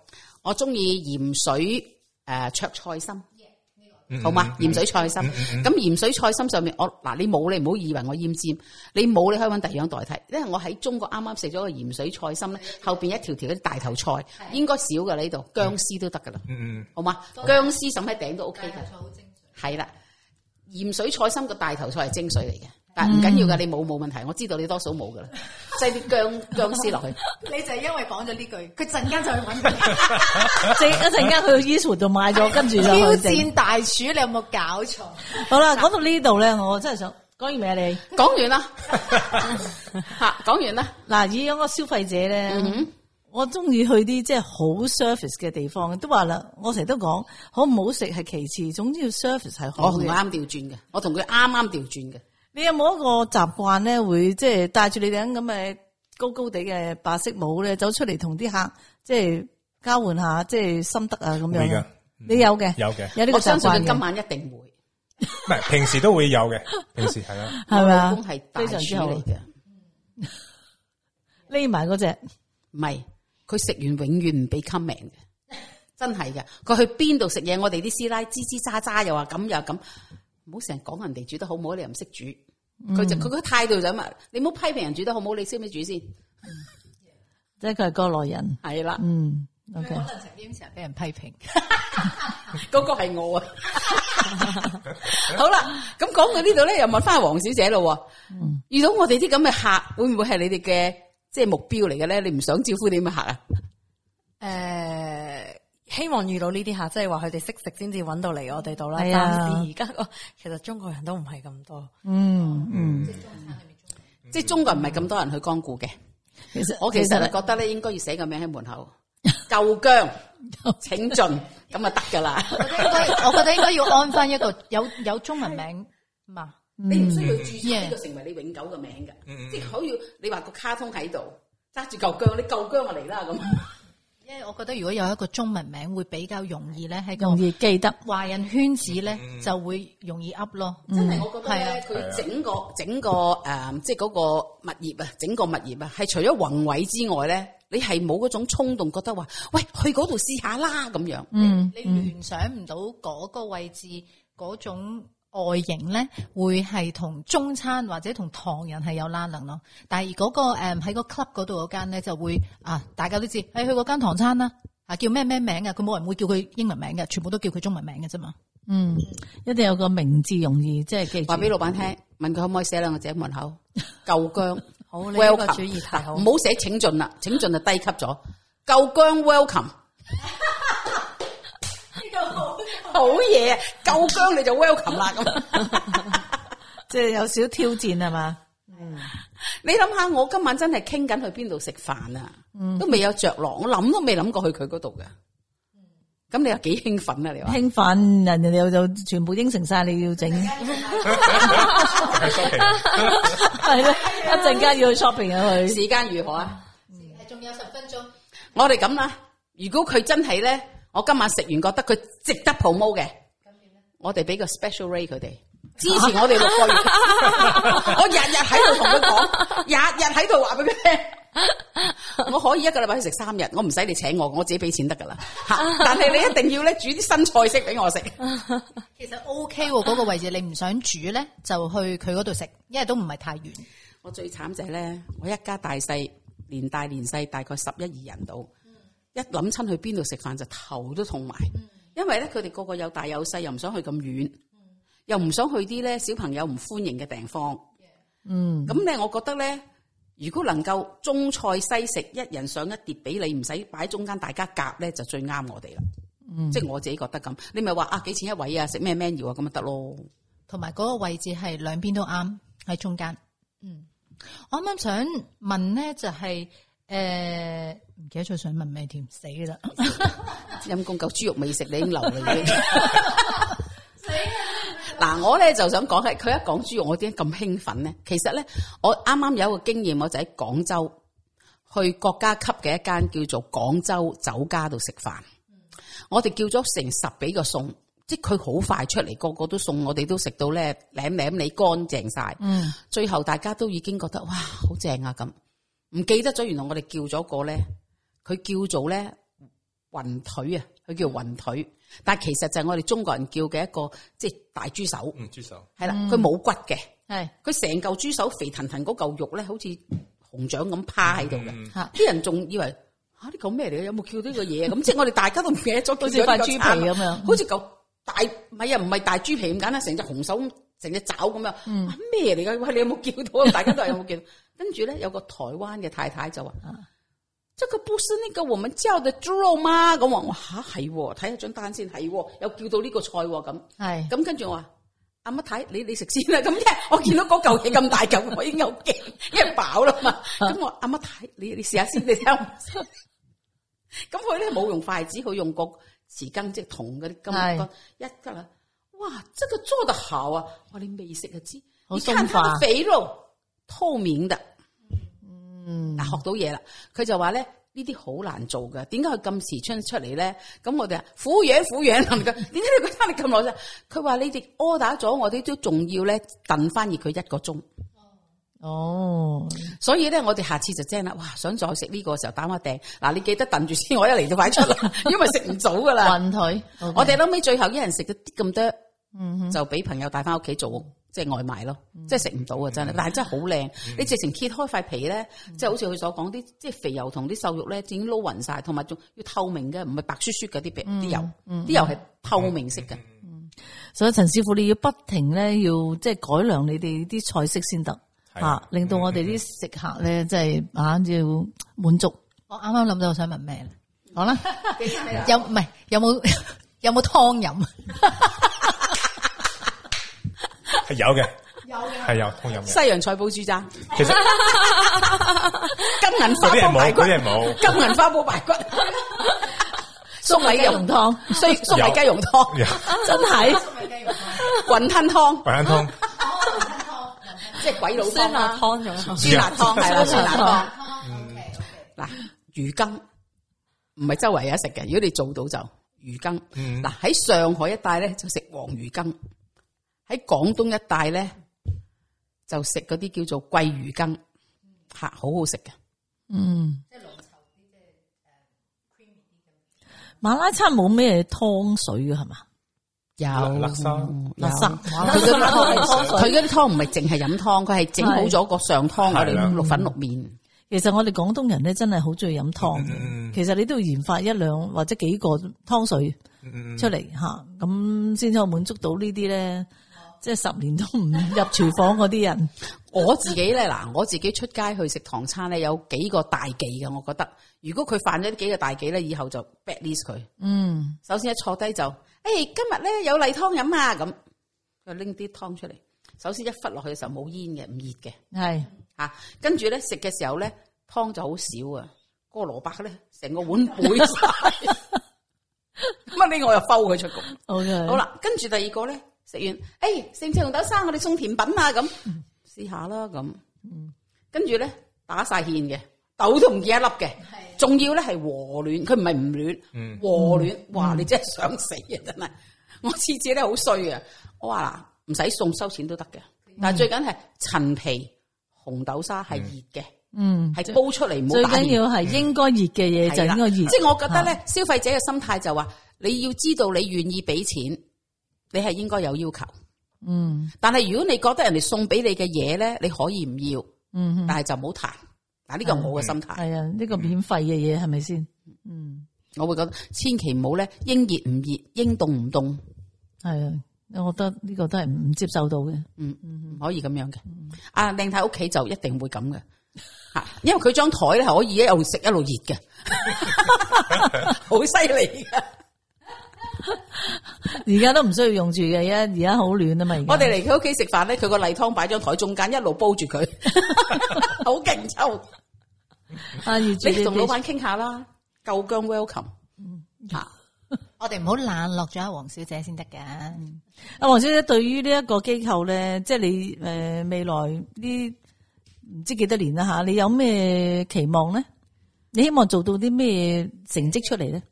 我中意鹽水誒灼、呃、菜心，好嘛？鹽水菜心，咁鹽、嗯嗯嗯、水菜心上面我嗱你冇你唔好以為我腌尖，你冇你可以揾第二樣代替，因為我喺中國啱啱食咗個鹽水菜心咧，的後邊一條條啲大頭菜的應該少嘅呢度，薑絲都得噶啦，嗯嗯，好嘛？薑絲浸喺頂都 OK 嘅，係啦，鹽水菜心個大頭菜係精髓嚟嘅。但唔緊要噶，嗯、你冇冇問題，我知道你多數冇噶啦，即係啲僵僵屍落去。 你就係因為講咗呢句，佢陣間就去搵，一陣間去 Eshop 度買咗，跟住就挑戰大廚，你有冇搞錯？好啦，講到呢度咧，我真係想講完咩？你講完啦，吓講 完啦了。嗱，以咁個消費者咧，嗯嗯我中意去啲即係好 service 嘅地方。都話啦，我成日都講，好唔好食係其次，總之要 service 係好，我啱調轉。我啱調轉嘅，我同佢啱啱調轉嘅。你有冇一個習慣咧，會即係戴住你頂咁嘅高高地嘅白色帽咧，走出嚟同啲客即係交換下即係心得啊咁樣？的嗯、你有嘅，有嘅的，有呢個習慣，相信佢今晚一定會唔係平時都會有嘅。平時係啊係咪啊？係吧非常之好嘅。匿埋嗰隻唔係，佢食完永遠唔俾 comment 嘅，真係嘅。佢去邊度食嘢，我哋啲師奶吱吱喳喳，喳又話咁又咁。唔好成日講人哋煮得好唔好，你又唔識煮，佢就佢個態度就咁、是、啊！你唔好批評人煮得好唔好，你識唔識煮先。即係佢係過來人，係啦了，嗯，Okay. 可能成天成日俾人批評，嗰 個係我啊！ 好啦，咁講到呢度咧，又問翻黃小姐咯，嗯、遇到我哋啲咁嘅客，會唔會係你哋嘅即係目標嚟嘅咧？你唔想招呼啲咁嘅客啊？誒、呃。希望遇到呢啲客，即係話佢哋識食先至揾到嚟我哋度啦。但係而家個其實中國人都唔係咁多，嗯嗯。即係中餐裏面，即係中國人唔係咁多人去光顧嘅。其實我其實覺得咧，應該要寫個名喺門口，夠薑請進咁啊得噶啦。我覺得應該要安翻一個有有中文名嘛，你唔需要注意就成為你永久嘅名噶。即係可以，你話個卡通喺度揸住夠薑，你夠薑就嚟啦咁。因為我覺得如果有一個中文名會比較容易咧，係容易記得，華人圈子咧就會容易 up 咯。真係我覺得啊，佢整個整個誒，即係嗰個物業啊，整個物業啊，係除咗宏偉之外咧，你係冇嗰種衝動，覺得話，喂，去嗰度試下啦咁樣。嗯，你聯想唔到嗰個位置嗰種。外形咧會係同中餐或者同唐人係有拉能咯，但係而嗰個喺、嗯、個 club 嗰度嗰間咧就會啊，大家都知、哎、去嗰間唐餐啦，啊叫咩咩名嘅，佢冇人會叫佢英文名嘅，全部都叫佢中文名嘅啫嘛。嗯，一定有個名字容易即係記住。話俾老闆聽，問佢可唔可以寫兩個字喺門口， 夠薑薑。好，你好，welcome 你呢個主意太好，唔好寫請進啦，請進就低級咗，夠薑 welcome。 好嘢，夠薑你就 welcome 啦，咁即係有少挑戰係嘛？嗯 吧，你諗下，我今晚真係傾緊去邊度食飯啊？嗯，都未有着落，我諗都未諗過去佢嗰度㗎。咁你又幾興奮啊？你話興奮，人哋就全部應承晒你要整，係啦，一陣間要去 shopping 啊去。時間如何啊？仲有十分鐘。我哋咁啦，如果佢真係咧。我今晚食完覺得佢值得 promote 嘅，我哋俾個 special rate 佢哋支持我哋六個月。我日日喺度同佢講，日日喺度話俾佢聽。我可以一個禮拜去食三日，我唔使你請我，我自己俾錢得噶啦。吓，但係你一定要咧煮啲新菜式俾我食。其實 OK 嗰個位置你唔想煮咧，就去佢嗰度食，因為都唔係太遠。我最慘就係咧，我一家大細，年大年細，大概十一二人度。一諗親去邊度食飯就頭都痛埋，嗯、因為咧佢哋個個有大有細，又唔想去咁遠，嗯、又唔想去啲咧小朋友唔歡迎嘅地方。嗯，咁咧我覺得咧，如果能夠中菜西食，一人上一碟俾你，唔使擺中間大家夾咧，就最啱我哋啦。即係、嗯、我自己覺得咁，你咪話啊幾錢一位啊，食咩 menu 啊，咁咪得咯。同埋嗰個位置係兩邊都啱，喺中間。嗯，我啱啱想問咧就係、是、誒。呃唔記得咗想問咩添，死嘅啦！陰公夠豬肉未食，你已經流淚嘅。 死啦！嗱，我咧就想講係佢一講豬肉，我點解咁興奮咧？其實咧，我啱啱有一個經驗，我就喺廣州去國家級嘅一間叫做廣州酒家度食飯。嗯、我哋叫咗成十幾個餸，即係佢好快出嚟，個個都餸，我哋都食到咧舐舐你乾淨晒。嗯，最後大家都已經覺得哇，好正啊！咁唔記得咗，原來我哋叫咗個咧。佢叫做咧雲腿啊，佢叫雲腿，但係其實就係我哋中國人叫嘅一個即係大豬手，嗯，豬手係啦，佢冇骨嘅，係佢成嚿豬手肥騰騰嗰嚿肉咧，好似熊掌咁趴喺度嘅，啲人仲以為吓呢嚿咩嚟啊？有冇叫呢個嘢？咁即係我哋大家都唔記得咗，好似塊豬皮咁樣，好似嚿大唔係啊？唔係大豬皮咁簡單，成隻熊手，成隻爪咁樣，咩嚟噶？喂，你有冇叫到啊？大家都有冇叫到？跟住咧，有個台灣嘅太太就話。這個不是那個我們叫的豬肉嗎？咁我吓係，睇、啊、下、哦、張單先係、哦，又叫到呢個菜咁、哦。係咁跟住我話，阿媽睇你你食先啦、啊。咁因為我見到嗰嚿嘢咁大嚿，我已經好驚，因為 飽啦嘛。咁、啊、我阿媽睇你你試一下先，你聽。咁佢咧冇用筷子，佢用個匙羹即係銅嗰啲金羹，一㗎啦。是哇！真、這、係、個、做得好啊！我你未食就知，你，你看佢肥肉透明的。嗯，嗱，學到嘢啦，佢就話咧呢啲好難做噶，點解佢咁遲春出嚟咧？咁我哋苦嘢苦嘢。點解 你覺得你咁耐啫？佢話你哋屙打咗，我哋都仲要咧燉翻熱佢一個鐘。哦，所以咧我哋下次就精啦，哇！想再食呢個時候打我訂，嗱、啊、你記得燉住先， 我一嚟就快出啦，因為食唔早噶啦。問題，我哋後尾最後一人食咗啲咁多，嗯、哼就俾朋友帶翻屋企做。即係外賣咯，即係食唔到啊，真係！但係真係好靚，嗯、你直情揭開塊皮咧，即係好似佢所講啲，即、就、係、是、肥油同啲瘦肉咧，已經撈匀曬，同埋仲要透明嘅，唔係白雪雪嘅啲啲油，啲、嗯、油係透明色嘅。嗯、所以陳師傅你要不停咧，要即係改良你哋啲菜式先得吓，令到我哋啲食客咧，即係眼要滿足。我啱啱諗到我想問咩咧，講啦， 有唔係有冇有冇湯飲？ 係有嘅，係有通有嘅。西洋菜煲豬踭，其實金銀花。嗰啲係冇，嗰啲係冇。金銀花煲排骨，粟米雞蓉湯，所以粟米雞蓉湯真係。粟米雞蓉湯，滾湯，滾湯。湯即係鬼佬湯啊。湯咁，酸辣湯係咯，酸辣湯。嗱，魚羹唔係周圍有得食嘅，如果你做到就魚羹。嗱，喺上海一帶咧就食黃魚羹。喺廣東一帶咧，就食嗰啲叫做桂魚羹，吓，好好食嘅。嗯，馬拉餐冇咩湯水嘅係嘛？有，喇沙。佢嗰啲湯唔係淨係飲湯，佢係整好咗個上湯。我哋淥粉淥麵。其實我哋廣東人咧，真係好中意飲湯。其實你都要研發一兩或者幾個湯水出嚟吓，咁先至可以滿足到呢啲咧。即係十年都唔入廚房嗰啲人， 我自己咧嗱，我自己出街去食唐餐咧，有幾個大忌嘅，我覺得如果佢犯咗啲幾個大忌咧，以後就 blacklist 佢。嗯首、欸，首先一坐低就，誒，今日咧有例湯飲啊，咁佢拎啲湯出嚟，首先一忽落去嘅時候冇煙嘅，唔熱嘅，係、那、吓、個，跟住咧食嘅時候咧，湯就好少啊，個蘿蔔咧成個碗杯，咁啊呢我又剖佢出局，OK，好啦，跟住第二個咧。誒，食唔食、欸、紅豆沙，我哋送甜品啊！咁試下啦，咁跟住咧打晒芡嘅，豆都唔見一粒嘅，仲是的 要咧係和暖，佢唔係唔暖，嗯、和暖，哇、嗯！你真係想死啊！真係，我次次咧好衰啊！我話嗱，唔使送收錢都得嘅，但係最緊係陳皮紅豆沙係熱嘅，嗯，係煲出嚟，冇、嗯、最緊要係應該熱嘅嘢就應該熱，即係我覺得咧，的消費者嘅心態就話，你要知道你願意俾錢。你係應該有要求，嗯，但係如果你覺得人哋送俾你嘅嘢咧，你可以唔要，嗯，但係就唔好彈。嗱，呢個我嘅心態係啊，呢個免費嘅嘢係咪先？嗯，我會覺得千祈唔好咧，應熱唔熱，應凍唔凍，係啊，我覺得呢個都係唔接受到嘅，嗯，唔可以咁樣嘅，啊，靚太屋企就一定會咁嘅，吓，因為佢張台咧係可以一路食一路熱嘅，好犀利而家 都唔需要用住嘅，而家而家好暖啊嘛！我哋嚟佢屋企食飯咧，佢個例湯擺張台中間，一路煲住佢，好勁抽。阿余主，你同老闆傾下啦，夠薑 welcome。吓， 我哋唔好冷落咗阿黃小姐先得噶。阿黃小姐對於呢一個機構咧，即係你誒未來呢，唔知幾多年啦吓，你有咩期望咧？你希望做到啲咩成績出嚟咧？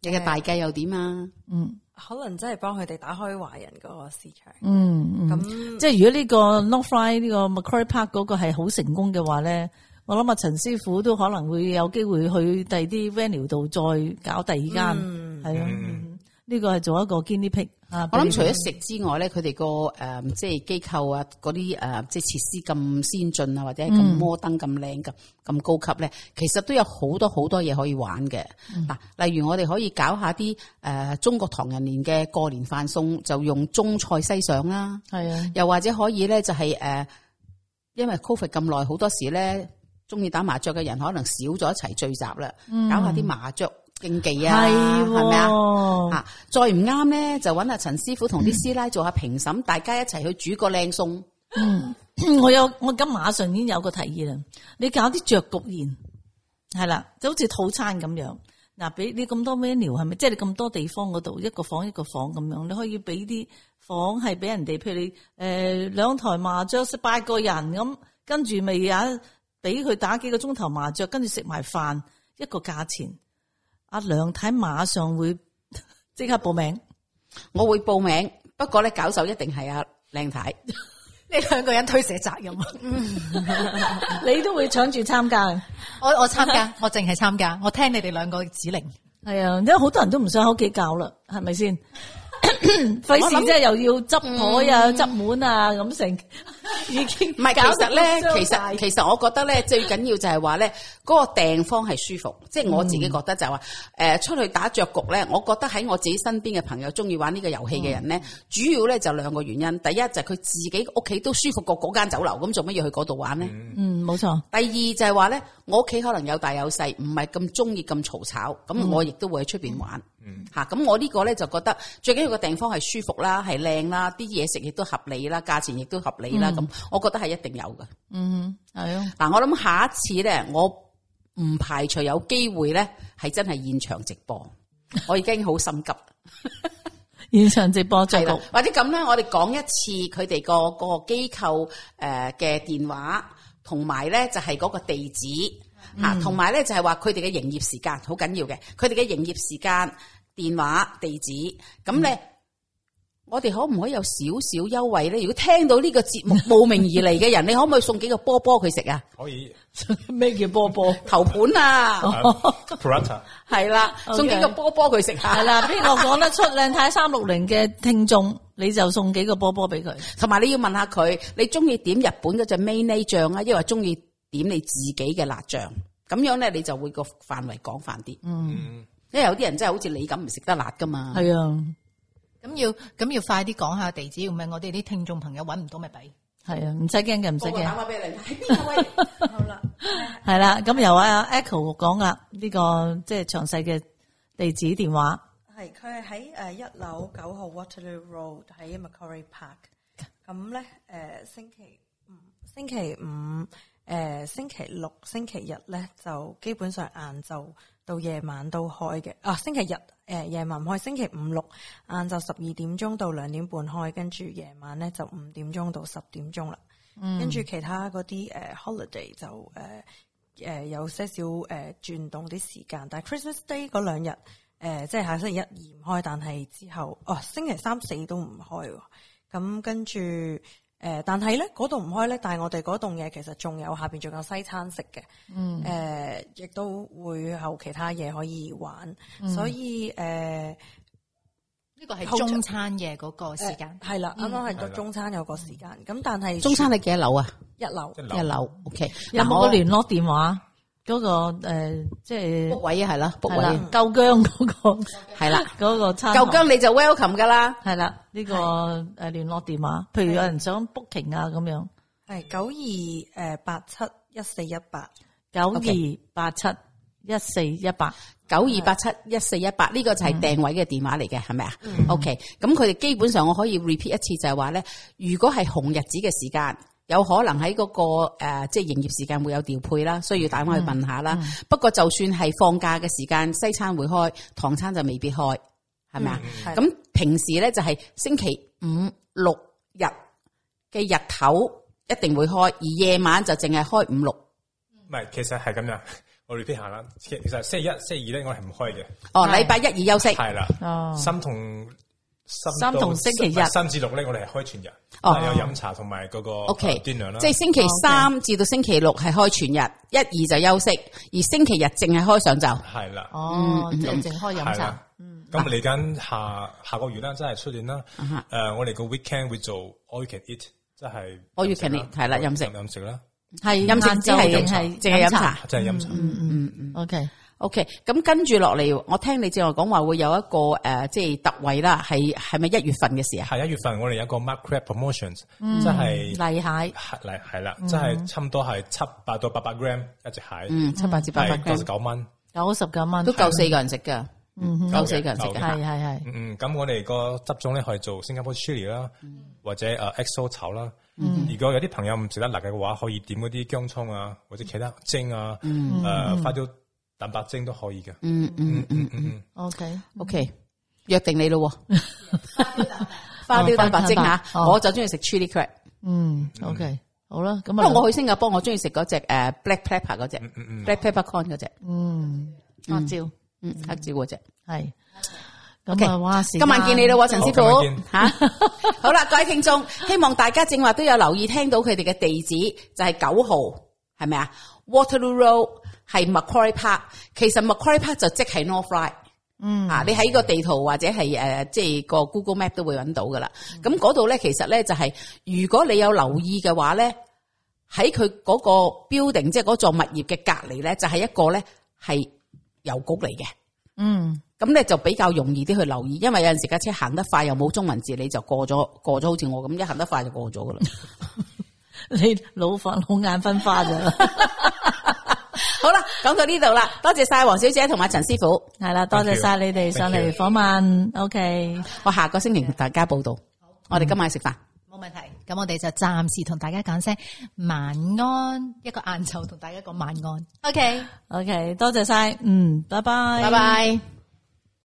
你嘅大計又點啊、嗯嗯？嗯，可能真係幫佢哋打開華人個市場。嗯嗯，咁即係如果呢個 Not Fly 呢個 Macquarie Park 嗰個係好成功嘅話咧，我諗啊陳師傅都可能會有機會去第二啲 Venue 度再搞第二間，係咯？呢個係做一個 Guinea Pig 我諗除咗食之外咧，佢哋個誒即係機構啊，嗰啲誒即係設施咁先進啊，或者係咁摩登、咁靚、咁咁高級咧，其實都有好多好多嘢可以玩嘅。嗱、嗯，例如我哋可以搞下啲誒中國唐人年嘅過年飯餸，就用中菜西上啦。係啊的，又或者可以咧，就係、是、誒，因為 COVID 咁耐，好多時咧，中意打麻雀嘅人可能少咗一齊聚集啦，搞下啲麻雀。競技啊，係咪啊？啊吧，再唔啱咧，就揾阿陳師傅同啲師奶做下評審，嗯、大家一齊去煮個靚餸。嗯， 我有我咁馬上已經有個提議啦，你搞啲着局宴，係啦，就好似套餐咁樣。嗱，俾、就是、你咁多 menu 係咪？即係你咁多地方嗰度一個房一個房咁樣，你可以俾啲房係俾人哋，譬如你誒兩、呃、台麻雀，八個人咁，跟住咪呀俾佢打幾個鐘頭麻雀，跟住食埋飯，一個價錢。阿梁太馬上會即刻報名，我會報名，不過咧搞手一定係阿靚太，呢兩個人推卸責任，你都會搶住參加，我我參加，我淨係參加，我聽你哋兩個嘅指令，係啊，因為好多人都唔想喺屋企搞啦，係咪先？ 費事即係又要執台又執碗啊咁成，已經唔係。其實咧，其實其實我覺得咧，最緊要就係話咧，嗰個地方係舒服。即係我自己覺得就係話，誒出去打着局咧，我覺得喺我自己身邊嘅朋友中意玩呢個遊戲嘅人咧，主要咧就兩個原因。第一就係佢自己屋企都舒服過嗰間酒樓，咁做乜嘢去嗰度玩咧？嗯，冇錯。第二就係話咧，我屋企可能有大有細，唔係咁中意咁嘈吵，咁我亦都會喺出邊玩。吓咁我呢個咧就覺得最緊要個地方係舒服啦，係靚啦，啲嘢食亦都合理啦，價錢亦都合理啦，咁、嗯、我覺得係一定有嘅。嗯，係咯。嗱，我諗下一次咧，我唔排除有機會咧，係真係現場直播。 我已經好心急， 現場直播再錄，或者咁咧，我哋講一次佢哋個個機構誒嘅電話，同埋咧就係嗰個地址吓，同埋咧就係話佢哋嘅營業時間好緊要嘅，佢哋嘅營業時間、電話、地址，咁咧。嗯我哋可唔可以有少少優惠咧？如果聽到呢個節目慕名而嚟嘅人，你可唔可以送幾個波波佢食啊？可以咩 叫波波？頭盤啊，係啦，送幾個波波佢食下。係啦，邊個講得出靚太三六零嘅聽眾，你就送幾個波波俾佢。同埋你要問下佢，你中意點日本嗰隻 mayonnaise 醬啊，抑或中意點你自己嘅辣醬？咁樣咧你就會個範圍廣泛啲。嗯，因為有啲人真係好似你咁唔食得辣噶嘛。係啊。咁要咁要快啲講下地址，要唔係我哋啲聽眾朋友揾唔到咪俾。係啊，唔使驚嘅，唔使驚。我打翻俾你，喺邊啊？位？好啦、e，係啦。咁由阿 Echo 講啊，呢個即係詳細嘅地址電話。係佢係喺誒一樓九號 Waterloo Road 喺 Macquarie Park。咁咧誒星期五、星期五、誒、呃、星期六、星期日咧就基本上晏晝到夜晚都開嘅。啊，星期日。誒夜晚唔開，星期五六晏晝十二點鐘到兩點半開，跟住夜晚咧就五點鐘到十點鐘啦。嗯，跟住其他嗰啲 holiday 就誒有些少誒轉動啲時間，但係 Christmas Day 嗰兩日誒即係下星期一二唔開，但係之後哦星期三四都唔開喎。咁跟住。誒、呃，但係咧嗰棟唔開咧，但係我哋嗰棟嘢其實仲有下邊仲有西餐食嘅，誒、嗯，亦、呃、都會有其他嘢可以玩，嗯、所以誒，呢個係中餐嘅嗰個時間係啦，啱啱係中餐有個時間，咁、嗯、但係中餐你幾多樓啊？一樓樓，一樓樓，OK，有冇聯絡電話？嗰個誒，即係 book 位啊，係啦，book 位，夠薑嗰個係啦，個餐，夠薑你就 welcome 噶啦，係啦，呢個誒聯絡電話，譬如有人想 booking 啊咁樣，係九二誒八七一四一八，九二八七一四一八，九二八七一四一八，呢個就係訂位嘅電話嚟嘅，係咪啊？OK，咁佢哋基本上我可以 repeat 一次，就係話咧，如果係紅日子嘅時間。有可能喺嗰、那個誒、呃，即係營業時間會有調配啦，需要帶我去問下啦。嗯、不過就算係放假嘅時間，西餐會開，唐餐就未必開，係咪啊？咁、嗯、平時咧就係星期五六日嘅日頭一定會開，而夜晚就淨係開五六。唔係，其實係咁樣，我哋啲行啦。其其實星期一、星期二咧，我係唔開嘅。哦，禮拜一二休息。係啦，哦，心同。三同星期日，三至六咧，我哋係開全日，有飲茶同埋嗰個 OK 啦，即係星期三至到星期六係開全日，一二就休息，而星期日淨係開上晝。係啦，哦，淨淨開飲茶。咁嚟緊下下個月咧，真係出年啦。誒，我哋個 weekend 會做 all can eat，即係 all can eat 係啦，飲食飲食啦，係飲食只係淨係淨係飲茶，即係飲茶。嗯嗯嗯，OK。OK，咁跟住落嚟，我聽你正話講話會有一個誒，即係特惠啦，係係咪一月份嘅事啊？係一月份，我哋有個 Mark Crab Promotions，即係例蟹，係啦，即係差唔多係七百到八百 gram 一隻蟹，七百至八百九十九蚊，九十九蚊都夠四個人食噶，夠四個人食，係係係。嗯，咁我哋個執種呢，可以做新加坡 Chilli 啦，或者誒 XO 炒啦。如果有啲朋友唔食得辣嘅話，可以點嗰啲姜葱啊，或者其他蒸啊，誒，花雕。蛋白精都可以嘅，嗯嗯嗯嗯 OK OK，約定你咯，花雕蛋白精吓，我就中意食 chili crab，嗯 OK，好啦，咁啊，不過我去新加坡，我中意食嗰隻誒 black pepper 嗰隻，black pepper corn 嗰隻，嗯，黑椒，黑椒嗰隻，係，咁啊，今晚見你咯，陳師傅，吓，好啦，各位聽眾，希望大家正話都有留意聽到佢哋嘅地址，就係九號，係咪啊，Waterloo Road。係 Macquarie Park，其實 Macquarie Park 就即係 North Ryde，嗯啊，你喺個地圖或者係誒，即係個 Google Map 都會揾到噶啦。咁嗰度咧，其實咧就係、是，如果你有留意嘅話咧，喺佢嗰 Building，即係嗰座物業嘅隔籬咧，就係、是、一個咧係郵局嚟嘅，嗯。咁咧就比較容易啲去留意，因為有陣時架車行得快又冇中文字，你就過咗過咗，好似我咁一行得快就過咗噶啦。 你老眼老眼昏花啫。 講到呢度啦，多謝晒黃小姐同埋陳師傅，係啦謝，多謝晒你哋上嚟訪問。謝 O OK K，我下個星期同大家報道。好，我哋今晚食飯，冇、嗯、問題。咁我哋就暫時同大家講聲晚安，一個晏晝同大家講晚安。O K，O K，多謝晒，嗯，拜拜，拜拜。